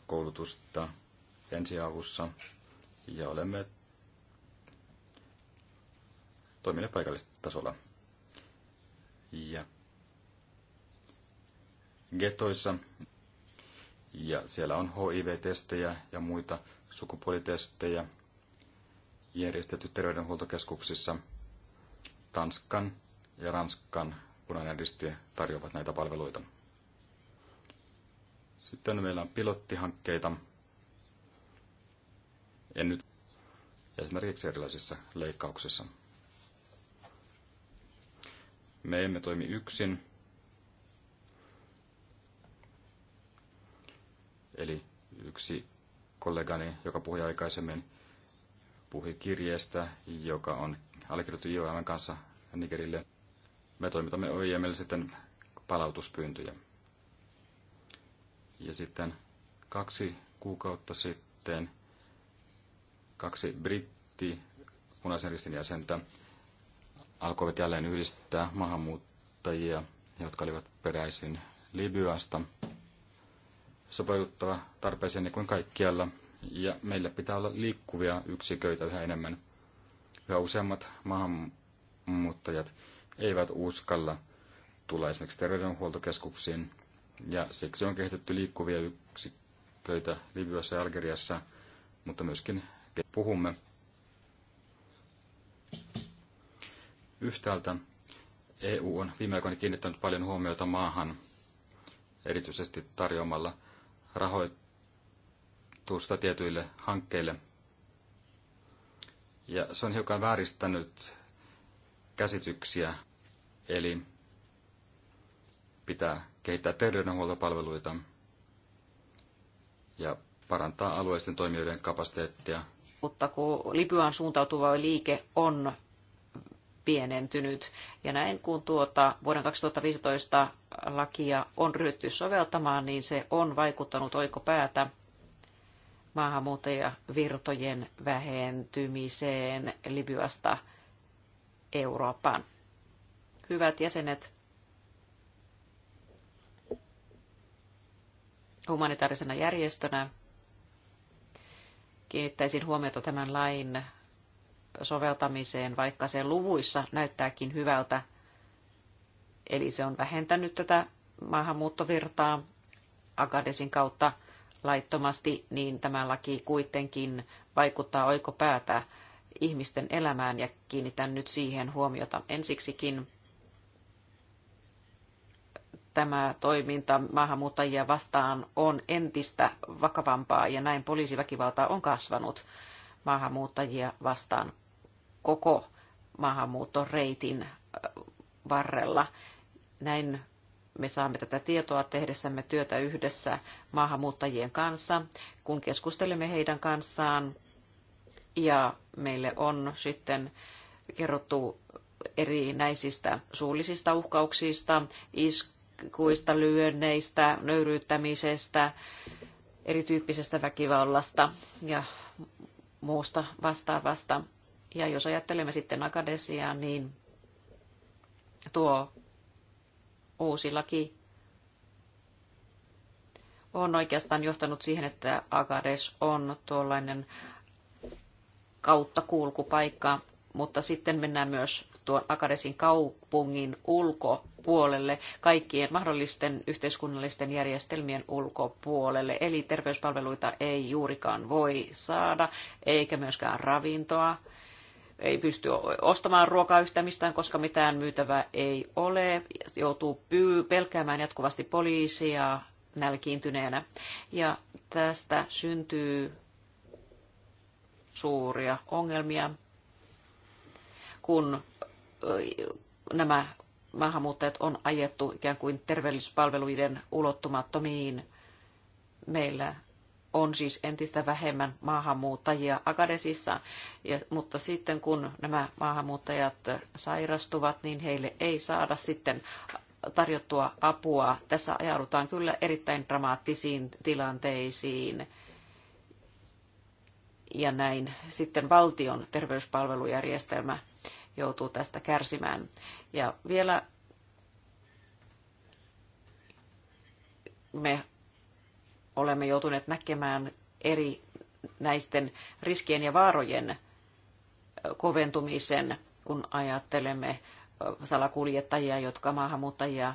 koulutusta ensiavussa ja olemme toimineet paikallisella tasolla. Ja getoissa ja siellä on HIV-testejä ja muita sukupuolitestejä järjestetty terveydenhuoltokeskuksissa. Tanskan ja Ranskan punainen risti tarjoavat näitä palveluita. Sitten meillä on pilottihankkeita. En nyt esimerkiksi erilaisissa leikkauksissa. Me emme toimi yksin. Eli yksi kollegani, joka puhui aikaisemmin, puhui kirjeestä, joka on allekirjoitettu IOM kanssa Nigerille. Me toimitamme OIMille sitten palautuspyyntöjä. Ja sitten kaksi kuukautta sitten kaksi britti punaisen ristin jäsentä alkoivat jälleen yhdistää maahanmuuttajia, jotka olivat peräisin Libyasta. Sopeuduttava tarpeeseen niin kuin kaikkialla – ja meillä pitää olla liikkuvia yksiköitä yhä enemmän. Yhä useammat maahanmuuttajat eivät uskalla tulla esimerkiksi terveydenhuoltokeskuksiin, ja siksi on kehitetty liikkuvia yksiköitä Libyassa ja Algeriassa, mutta myöskin puhumme. Yhtäältä EU on viime aikoina kiinnittänyt paljon huomiota maahan, erityisesti tarjoamalla rahoitusta rahoitusta tietyille hankkeille. Ja se on hiukan vääristänyt käsityksiä, eli pitää kehittää terveydenhuoltopalveluita ja parantaa alueisten toimijoiden kapasiteettia. Mutta kun Libyan suuntautuva liike on pienentynyt. Ja näin kun tuota vuoden 2015 lakia on ryhdytty soveltamaan, niin se on vaikuttanut oikopäätä maahanmuuttajavirtojen vähentymiseen Libyasta Eurooppaan. Hyvät jäsenet, humanitaarisena järjestönä kiinnittäisin huomiota tämän lain soveltamiseen, vaikka se luvuissa näyttääkin hyvältä. Eli se on vähentänyt tätä maahanmuuttovirtaa Agadesin kautta – laittomasti, niin tämä laki kuitenkin vaikuttaa oikopäätä ihmisten elämään ja kiinnitän nyt siihen huomiota. Ensiksikin tämä toiminta maahanmuuttajia vastaan on entistä vakavampaa ja näin poliisiväkivalta on kasvanut maahanmuuttajia vastaan koko maahanmuuttoreitin varrella. Näin me saamme tätä tietoa tehdessämme työtä yhdessä maahanmuuttajien kanssa, kun keskustelemme heidän kanssaan ja meille on sitten kerrottu erinäisistä suullisista uhkauksista, iskuista, lyönneistä, nöyryyttämisestä, erityyppisestä väkivallasta ja muusta vastaavasta. Ja jos ajattelemme sitten Akadesiaa, niin tuo uusi laki on oikeastaan johtanut siihen, että Agares on tuollainen kautta kulkupaikka, mutta sitten mennään myös tuon Akaresin kaupungin ulkopuolelle, kaikkien mahdollisten yhteiskunnallisten järjestelmien ulkopuolelle. Eli terveyspalveluita ei juurikaan voi saada, eikä myöskään ravintoa ei pysty ostamaan ruokaa yhtä mistään, koska mitään myytävää ei ole. Joutuu pelkäämään jatkuvasti poliisia nälkiintyneenä. Ja tästä syntyy suuria ongelmia, kun nämä maahanmuuttajat on ajettu ikään kuin terveellispalveluiden ulottumattomiin. Meillä on siis entistä vähemmän maahanmuuttajia Akadesissa, ja, mutta sitten kun nämä maahanmuuttajat sairastuvat, niin heille ei saada sitten tarjottua apua. Tässä ajaudutaan kyllä erittäin dramaattisiin tilanteisiin. Ja näin sitten valtion terveyspalvelujärjestelmä joutuu tästä kärsimään. Ja vielä me olemme joutuneet näkemään eri näisten riskien ja vaarojen koventumisen, kun ajattelemme salakuljettajia, jotka maahanmuuttajia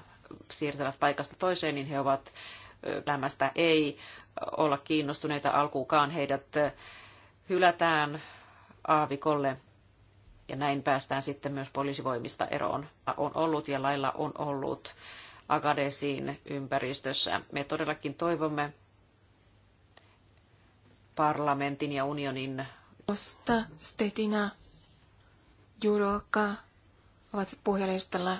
siirtävät paikasta toiseen, niin he ovat elämästä ei olla kiinnostuneita alkuukaan. Heidät hylätään aavikolle ja näin päästään sitten myös poliisivoimista eroon. On ollut ja lailla on ollut Agadesiin ympäristössä. Me todellakin toivomme, parlamentin ja unionin. Osta, Stetina, Juroka ovat puhelistalla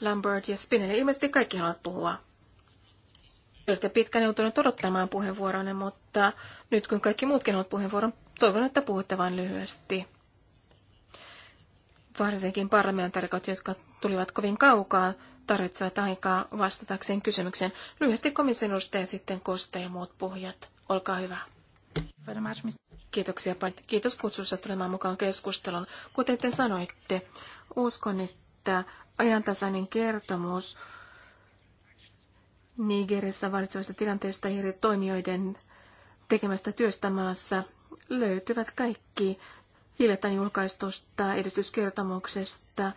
Lambert ja Spinelli. Ilmeisesti kaikki haluavat puhua. Olette pitkään joutuneet odottamaan puheenvuoronne, mutta nyt kun kaikki muutkin ovat puheenvuoron, toivon, että puhutte vain lyhyesti. Varsinkin parlamentarikot, jotka tulivat kovin kaukaa, tarvitsevat aikaa vastatakseen kysymykseen. Lyhyesti komission ja sitten Koste ja muut puhujat. Olkaa hyvä. Kiitoksia. Kiitos kutsusta tulemaan mukaan keskusteluun. Kuten te sanoitte, uskon, että ajantasainen kertomus Nigerissä valitsevasta tilanteesta ja eri toimijoiden tekemästä työstä maassa löytyvät kaikki hiljattain julkaistusta edistyskertomuksesta.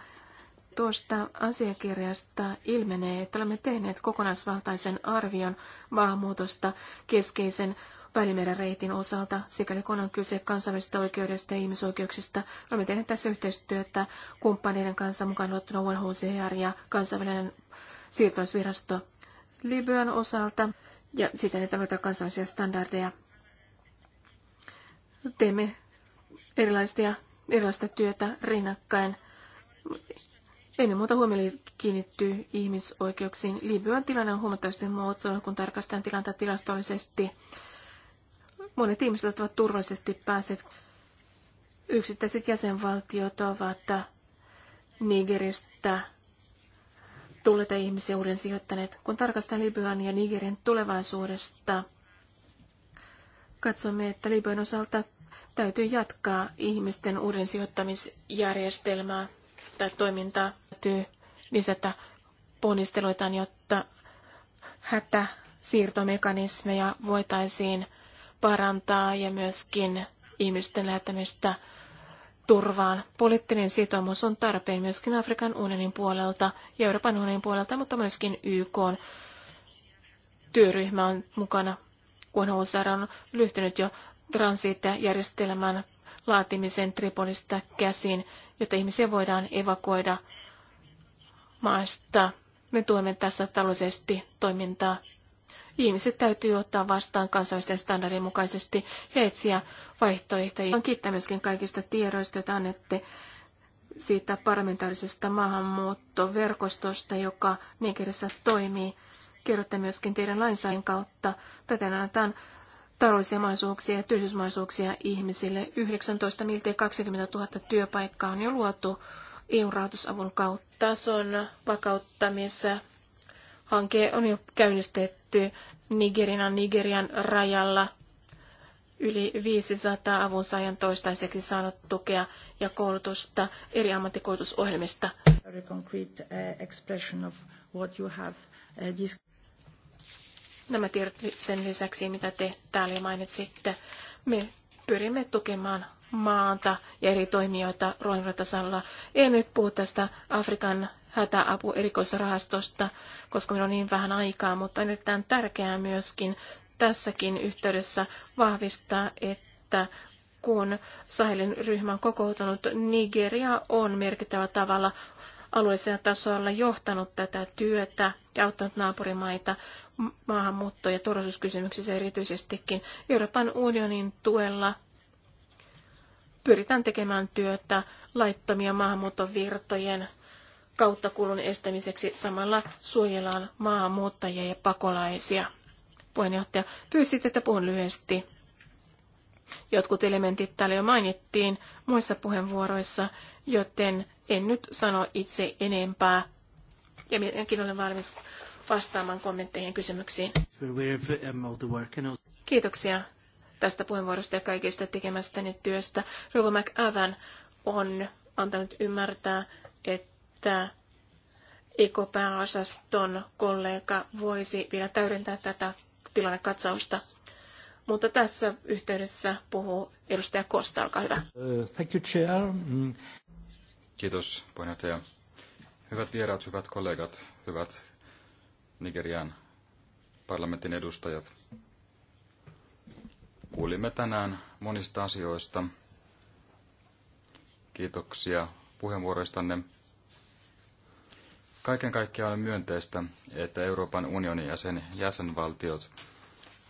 Tuosta asiakirjasta ilmenee, että olemme tehneet kokonaisvaltaisen arvion maahanmuutosta keskeisen Välimeren reitin osalta, sikäli kun on kyse kansainvälisestä oikeudesta ja ihmisoikeuksista. Olemme tehneet tässä yhteistyötä kumppaneiden kanssa mukaan luottuna UNHCR ja kansainvälinen siirtoisvirasto Libyan osalta ja siten, että voidaan kansallisia standardeja. Teemme erilaisia, erilaista työtä rinnakkain. Ennen muuta huomioon kiinnittyy ihmisoikeuksiin. Libyan tilanne on huomattavasti muuttunut, kun tarkastetaan tilannetta tilastollisesti Monet ihmiset ovat turvallisesti päässeet Yksittäiset jäsenvaltiot ovat Nigeristä tulleita ihmisiä uuden sijoittaneet. Kun tarkastan Libyan ja Nigerin tulevaisuudesta, katsomme, että Libyan osalta täytyy jatkaa ihmisten uuden sijoittamisjärjestelmää tai toimintaa. Täytyy lisätä ponnisteluita, jotta hätäsiirtomekanismeja voitaisiin parantaa ja myöskin ihmisten lähettämistä turvaan. Poliittinen sitoumus on tarpeen myöskin Afrikan unionin puolelta ja Euroopan unionin puolelta, mutta myöskin YK on työryhmä on mukana, kun HCR on lyhtynyt jo transit-järjestelmän laatimisen Tripolista käsin, jotta ihmisiä voidaan evakuoida maasta. Me tuemme tässä taloudellisesti toimintaa Ihmiset täytyy ottaa vastaan kansallisten standardien mukaisesti ja etsiä vaihtoehtoja. Haluan kiittää myöskin kaikista tiedoista, joita annette siitä parlamentaarisesta maahanmuuttoverkostosta, joka Nigerissä toimii. Kerrotte myöskin teidän lainsäädännön kautta. Täten annetaan taloudellisia mahdollisuuksia ja työllisyysmahdollisuuksia ihmisille. 19 miltei 20 000 työpaikkaa on jo luotu EU-rahoitusavun kautta. Tason vakauttamisessa hanke on jo käynnistetty Nigerin ja Nigerian rajalla. Yli 500 avunsaajan toistaiseksi saanut tukea ja koulutusta eri ammattikoulutusohjelmista. Uh, uh, Nämä tiedot sen lisäksi, mitä te täällä mainitsitte. Me pyrimme tukemaan maanta ja eri toimijoita Roinvatasalla. En nyt puhu tästä Afrikan hätäapu erikoisrahastosta, koska meillä on niin vähän aikaa, mutta on erittäin tärkeää myöskin tässäkin yhteydessä vahvistaa, että kun Sahelin ryhmä on kokoutunut, Nigeria on merkittävällä tavalla alueellisella tasolla johtanut tätä työtä ja auttanut naapurimaita maahanmuutto- ja turvallisuuskysymyksissä erityisestikin. Euroopan unionin tuella pyritään tekemään työtä laittomia maahanmuuttovirtojen kauttakulun estämiseksi samalla suojellaan maahanmuuttajia ja pakolaisia. Puheenjohtaja, pyysit, että puhun lyhyesti. Jotkut elementit täällä jo mainittiin muissa puheenvuoroissa, joten en nyt sano itse enempää. Ja minäkin olen valmis vastaamaan kommentteihin ja kysymyksiin. Kiitoksia tästä puheenvuorosta ja kaikista tekemästäni työstä. Ruva McAvan on antanut ymmärtää, että että ekopääosaston kollega voisi vielä täydentää tätä tilannekatsausta. Mutta tässä yhteydessä puhuu edustaja Kosta, olkaa hyvä. Uh, thank you, chair. Mm. Kiitos, puheenjohtaja. Hyvät vieraat, hyvät kollegat, hyvät Nigerian parlamentin edustajat. Kuulimme tänään monista asioista. Kiitoksia puheenvuoroistanne. Kaiken kaikkiaan on myönteistä, että Euroopan unionin ja sen jäsenvaltiot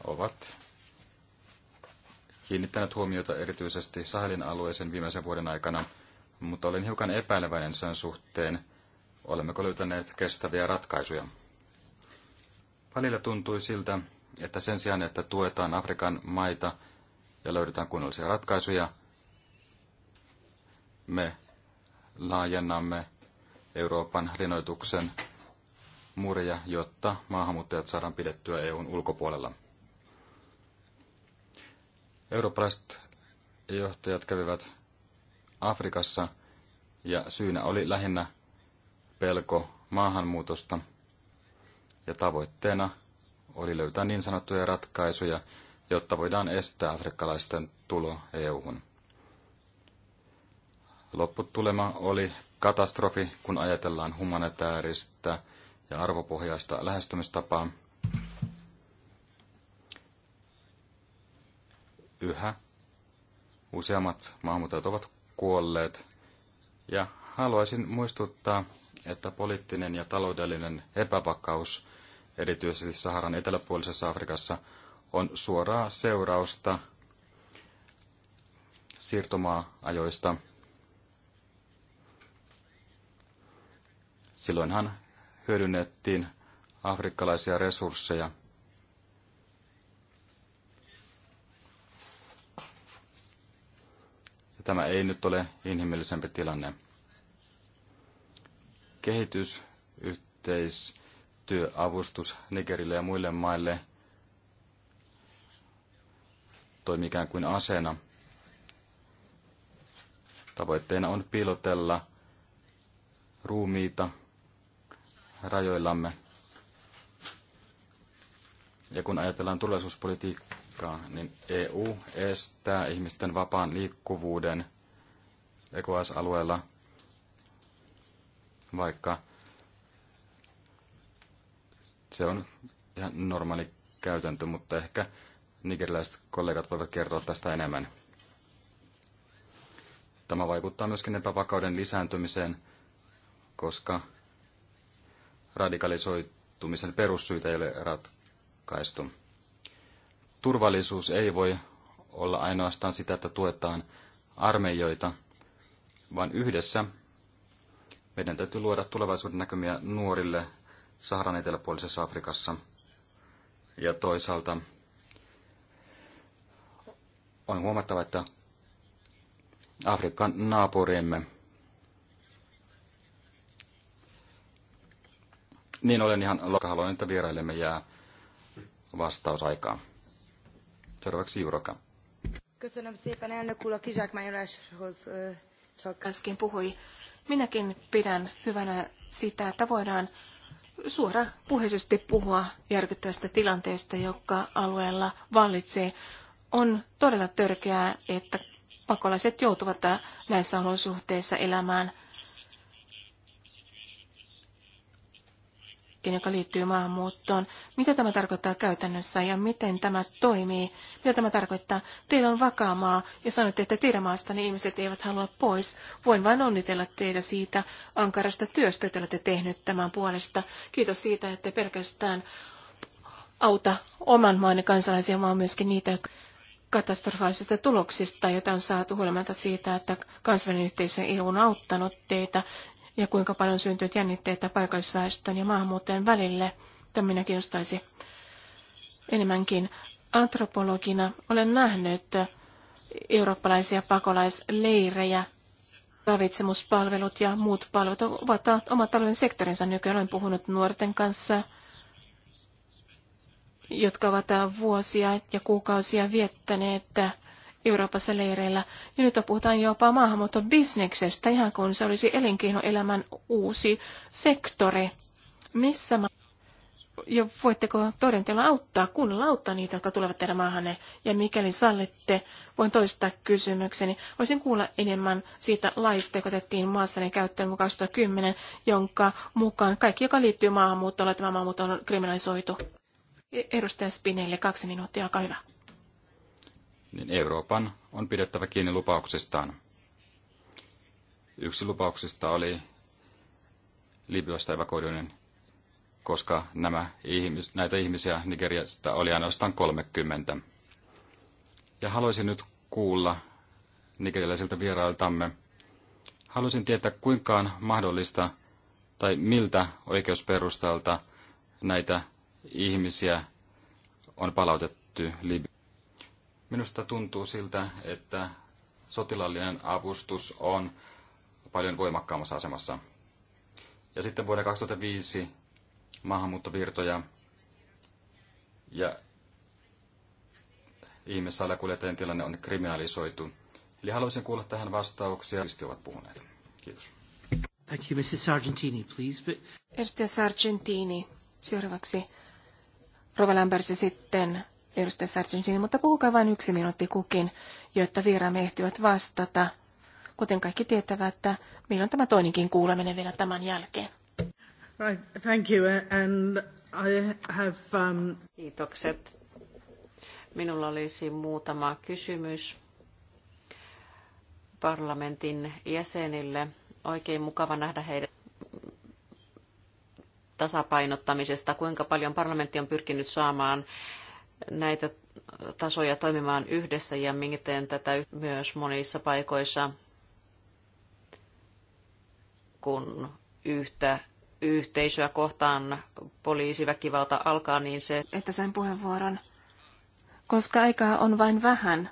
ovat kiinnittäneet huomiota erityisesti Sahelin alueeseen viimeisen vuoden aikana, mutta olen hiukan epäileväinen sen suhteen, olemmeko löytäneet kestäviä ratkaisuja. Välillä tuntui siltä, että sen sijaan, että tuetaan Afrikan maita ja löydetään kunnollisia ratkaisuja, me laajennamme Euroopan linnoituksen muureja, jotta maahanmuuttajat saadaan pidettyä EUn ulkopuolella. Eurooppalaiset johtajat kävivät Afrikassa ja syynä oli lähinnä pelko maahanmuutosta ja tavoitteena oli löytää niin sanottuja ratkaisuja, jotta voidaan estää afrikkalaisten tulo EU-hun. Lopputulema oli katastrofi, kun ajatellaan humanitaarista ja arvopohjaista lähestymistapaa. Yhä useammat maahanmuuttajat ovat kuolleet ja haluaisin muistuttaa, että poliittinen ja taloudellinen epävakaus, erityisesti Saharan eteläpuolisessa Afrikassa, on suoraa seurausta siirtomaa-ajoista Silloinhan hyödynnettiin afrikkalaisia resursseja. Ja tämä ei nyt ole inhimillisempi tilanne. Kehitysyhteistyöavustus Nigerille ja muille maille toimii ikään kuin asena. Tavoitteena on piilotella ruumiita rajoillamme. Ja kun ajatellaan turvallisuuspolitiikkaa, niin EU estää ihmisten vapaan liikkuvuuden EKS-alueella, vaikka se on ihan normaali käytäntö, mutta ehkä nigeriläiset kollegat voivat kertoa tästä enemmän. Tämä vaikuttaa myöskin epävakauden lisääntymiseen, koska radikalisoitumisen perussyitä ei ole ratkaistu. Turvallisuus ei voi olla ainoastaan sitä, että tuetaan armeijoita, vaan yhdessä meidän täytyy luoda tulevaisuuden näkymiä nuorille Saharan eteläpuolisessa Afrikassa. Ja toisaalta on huomattava, että Afrikan naapuriemme Niin olen ihan lokahaloinen, että vierailemme jää vastausaikaa. Seuraavaksi Juroka. Köszönöm szépen, elnök úr, a kizsákmányoláshoz csak... Äsken puhui. Minäkin pidän hyvänä sitä, että voidaan suora puheisesti puhua järkyttävästä tilanteesta, joka alueella vallitsee. On todella törkeää, että pakolaiset joutuvat näissä olosuhteissa elämään – riskiin, joka liittyy maahanmuuttoon. Mitä tämä tarkoittaa käytännössä ja miten tämä toimii? Mitä tämä tarkoittaa? Teillä on vakaa maa ja sanotte, että teidän maastanne ihmiset eivät halua pois. Voin vain onnitella teitä siitä ankarasta työstä, jota olette tehnyt tämän puolesta. Kiitos siitä, että pelkästään auta oman maan kansalaisia, vaan myöskin niitä, jotka katastrofaalisista tuloksista, joita on saatu huolimatta siitä, että kansainvälinen yhteisö EU on auttanut teitä ja kuinka paljon syntyy jännitteitä paikallisväestön ja maahanmuuttajien välille. Tämä minä kiinnostaisi enemmänkin. Antropologina olen nähnyt eurooppalaisia pakolaisleirejä, ravitsemuspalvelut ja muut palvelut ovat omat talouden sektorinsa nykyään. Olen puhunut nuorten kanssa, jotka ovat vuosia ja kuukausia viettäneet Euroopassa leireillä. Ja nyt puhutaan jopa maahanmuuttobisneksestä, ihan kuin se olisi elinkeinoelämän uusi sektori. Missä ma- ja voitteko todenteella auttaa, kun auttaa niitä, jotka tulevat teidän maahanne? Ja mikäli sallitte, voin toistaa kysymykseni. Voisin kuulla enemmän siitä laista, joka otettiin maassani käyttöön 2010, jonka mukaan kaikki, joka liittyy maahanmuuttoon, tämä maahanmuutto on kriminalisoitu. E-, edustaja Spinelli, kaksi minuuttia, olkaa hyvä niin Euroopan on pidettävä kiinni lupauksistaan. Yksi lupauksista oli Libyasta evakuoiduinen, koska nämä ihmis, näitä ihmisiä Nigeriasta oli ainoastaan 30. Ja haluaisin nyt kuulla nigerialaisilta vierailtamme, haluaisin tietää kuinka on mahdollista tai miltä oikeusperustalta näitä ihmisiä on palautettu Libyaan. Minusta tuntuu siltä, että sotilaallinen avustus on paljon voimakkaammassa asemassa. Ja sitten vuoden 2005 maahanmuuttovirtoja ja ihmissalakuljettajien tilanne on kriminalisoitu. Eli haluaisin kuulla tähän vastauksia, mistä ovat puhuneet. Kiitos. Thank you, Mrs. Sargentini, please. But... Edustaja Sargentini, seuraavaksi Rova Lambers sitten edustaja Sargentini, mutta puhukaa vain yksi minuutti kukin, jotta vieraamme ehtivät vastata. Kuten kaikki tietävät, että meillä on tämä toinenkin kuuleminen vielä tämän jälkeen. Right, thank you. And I have, um... Kiitokset. Minulla olisi muutama kysymys parlamentin jäsenille. Oikein mukava nähdä heidän tasapainottamisesta, kuinka paljon parlamentti on pyrkinyt saamaan näitä tasoja toimimaan yhdessä ja miten tätä myös monissa paikoissa, kun yhtä yhteisöä kohtaan poliisiväkivalta alkaa, niin se... Että sen puheenvuoron, koska aikaa on vain vähän.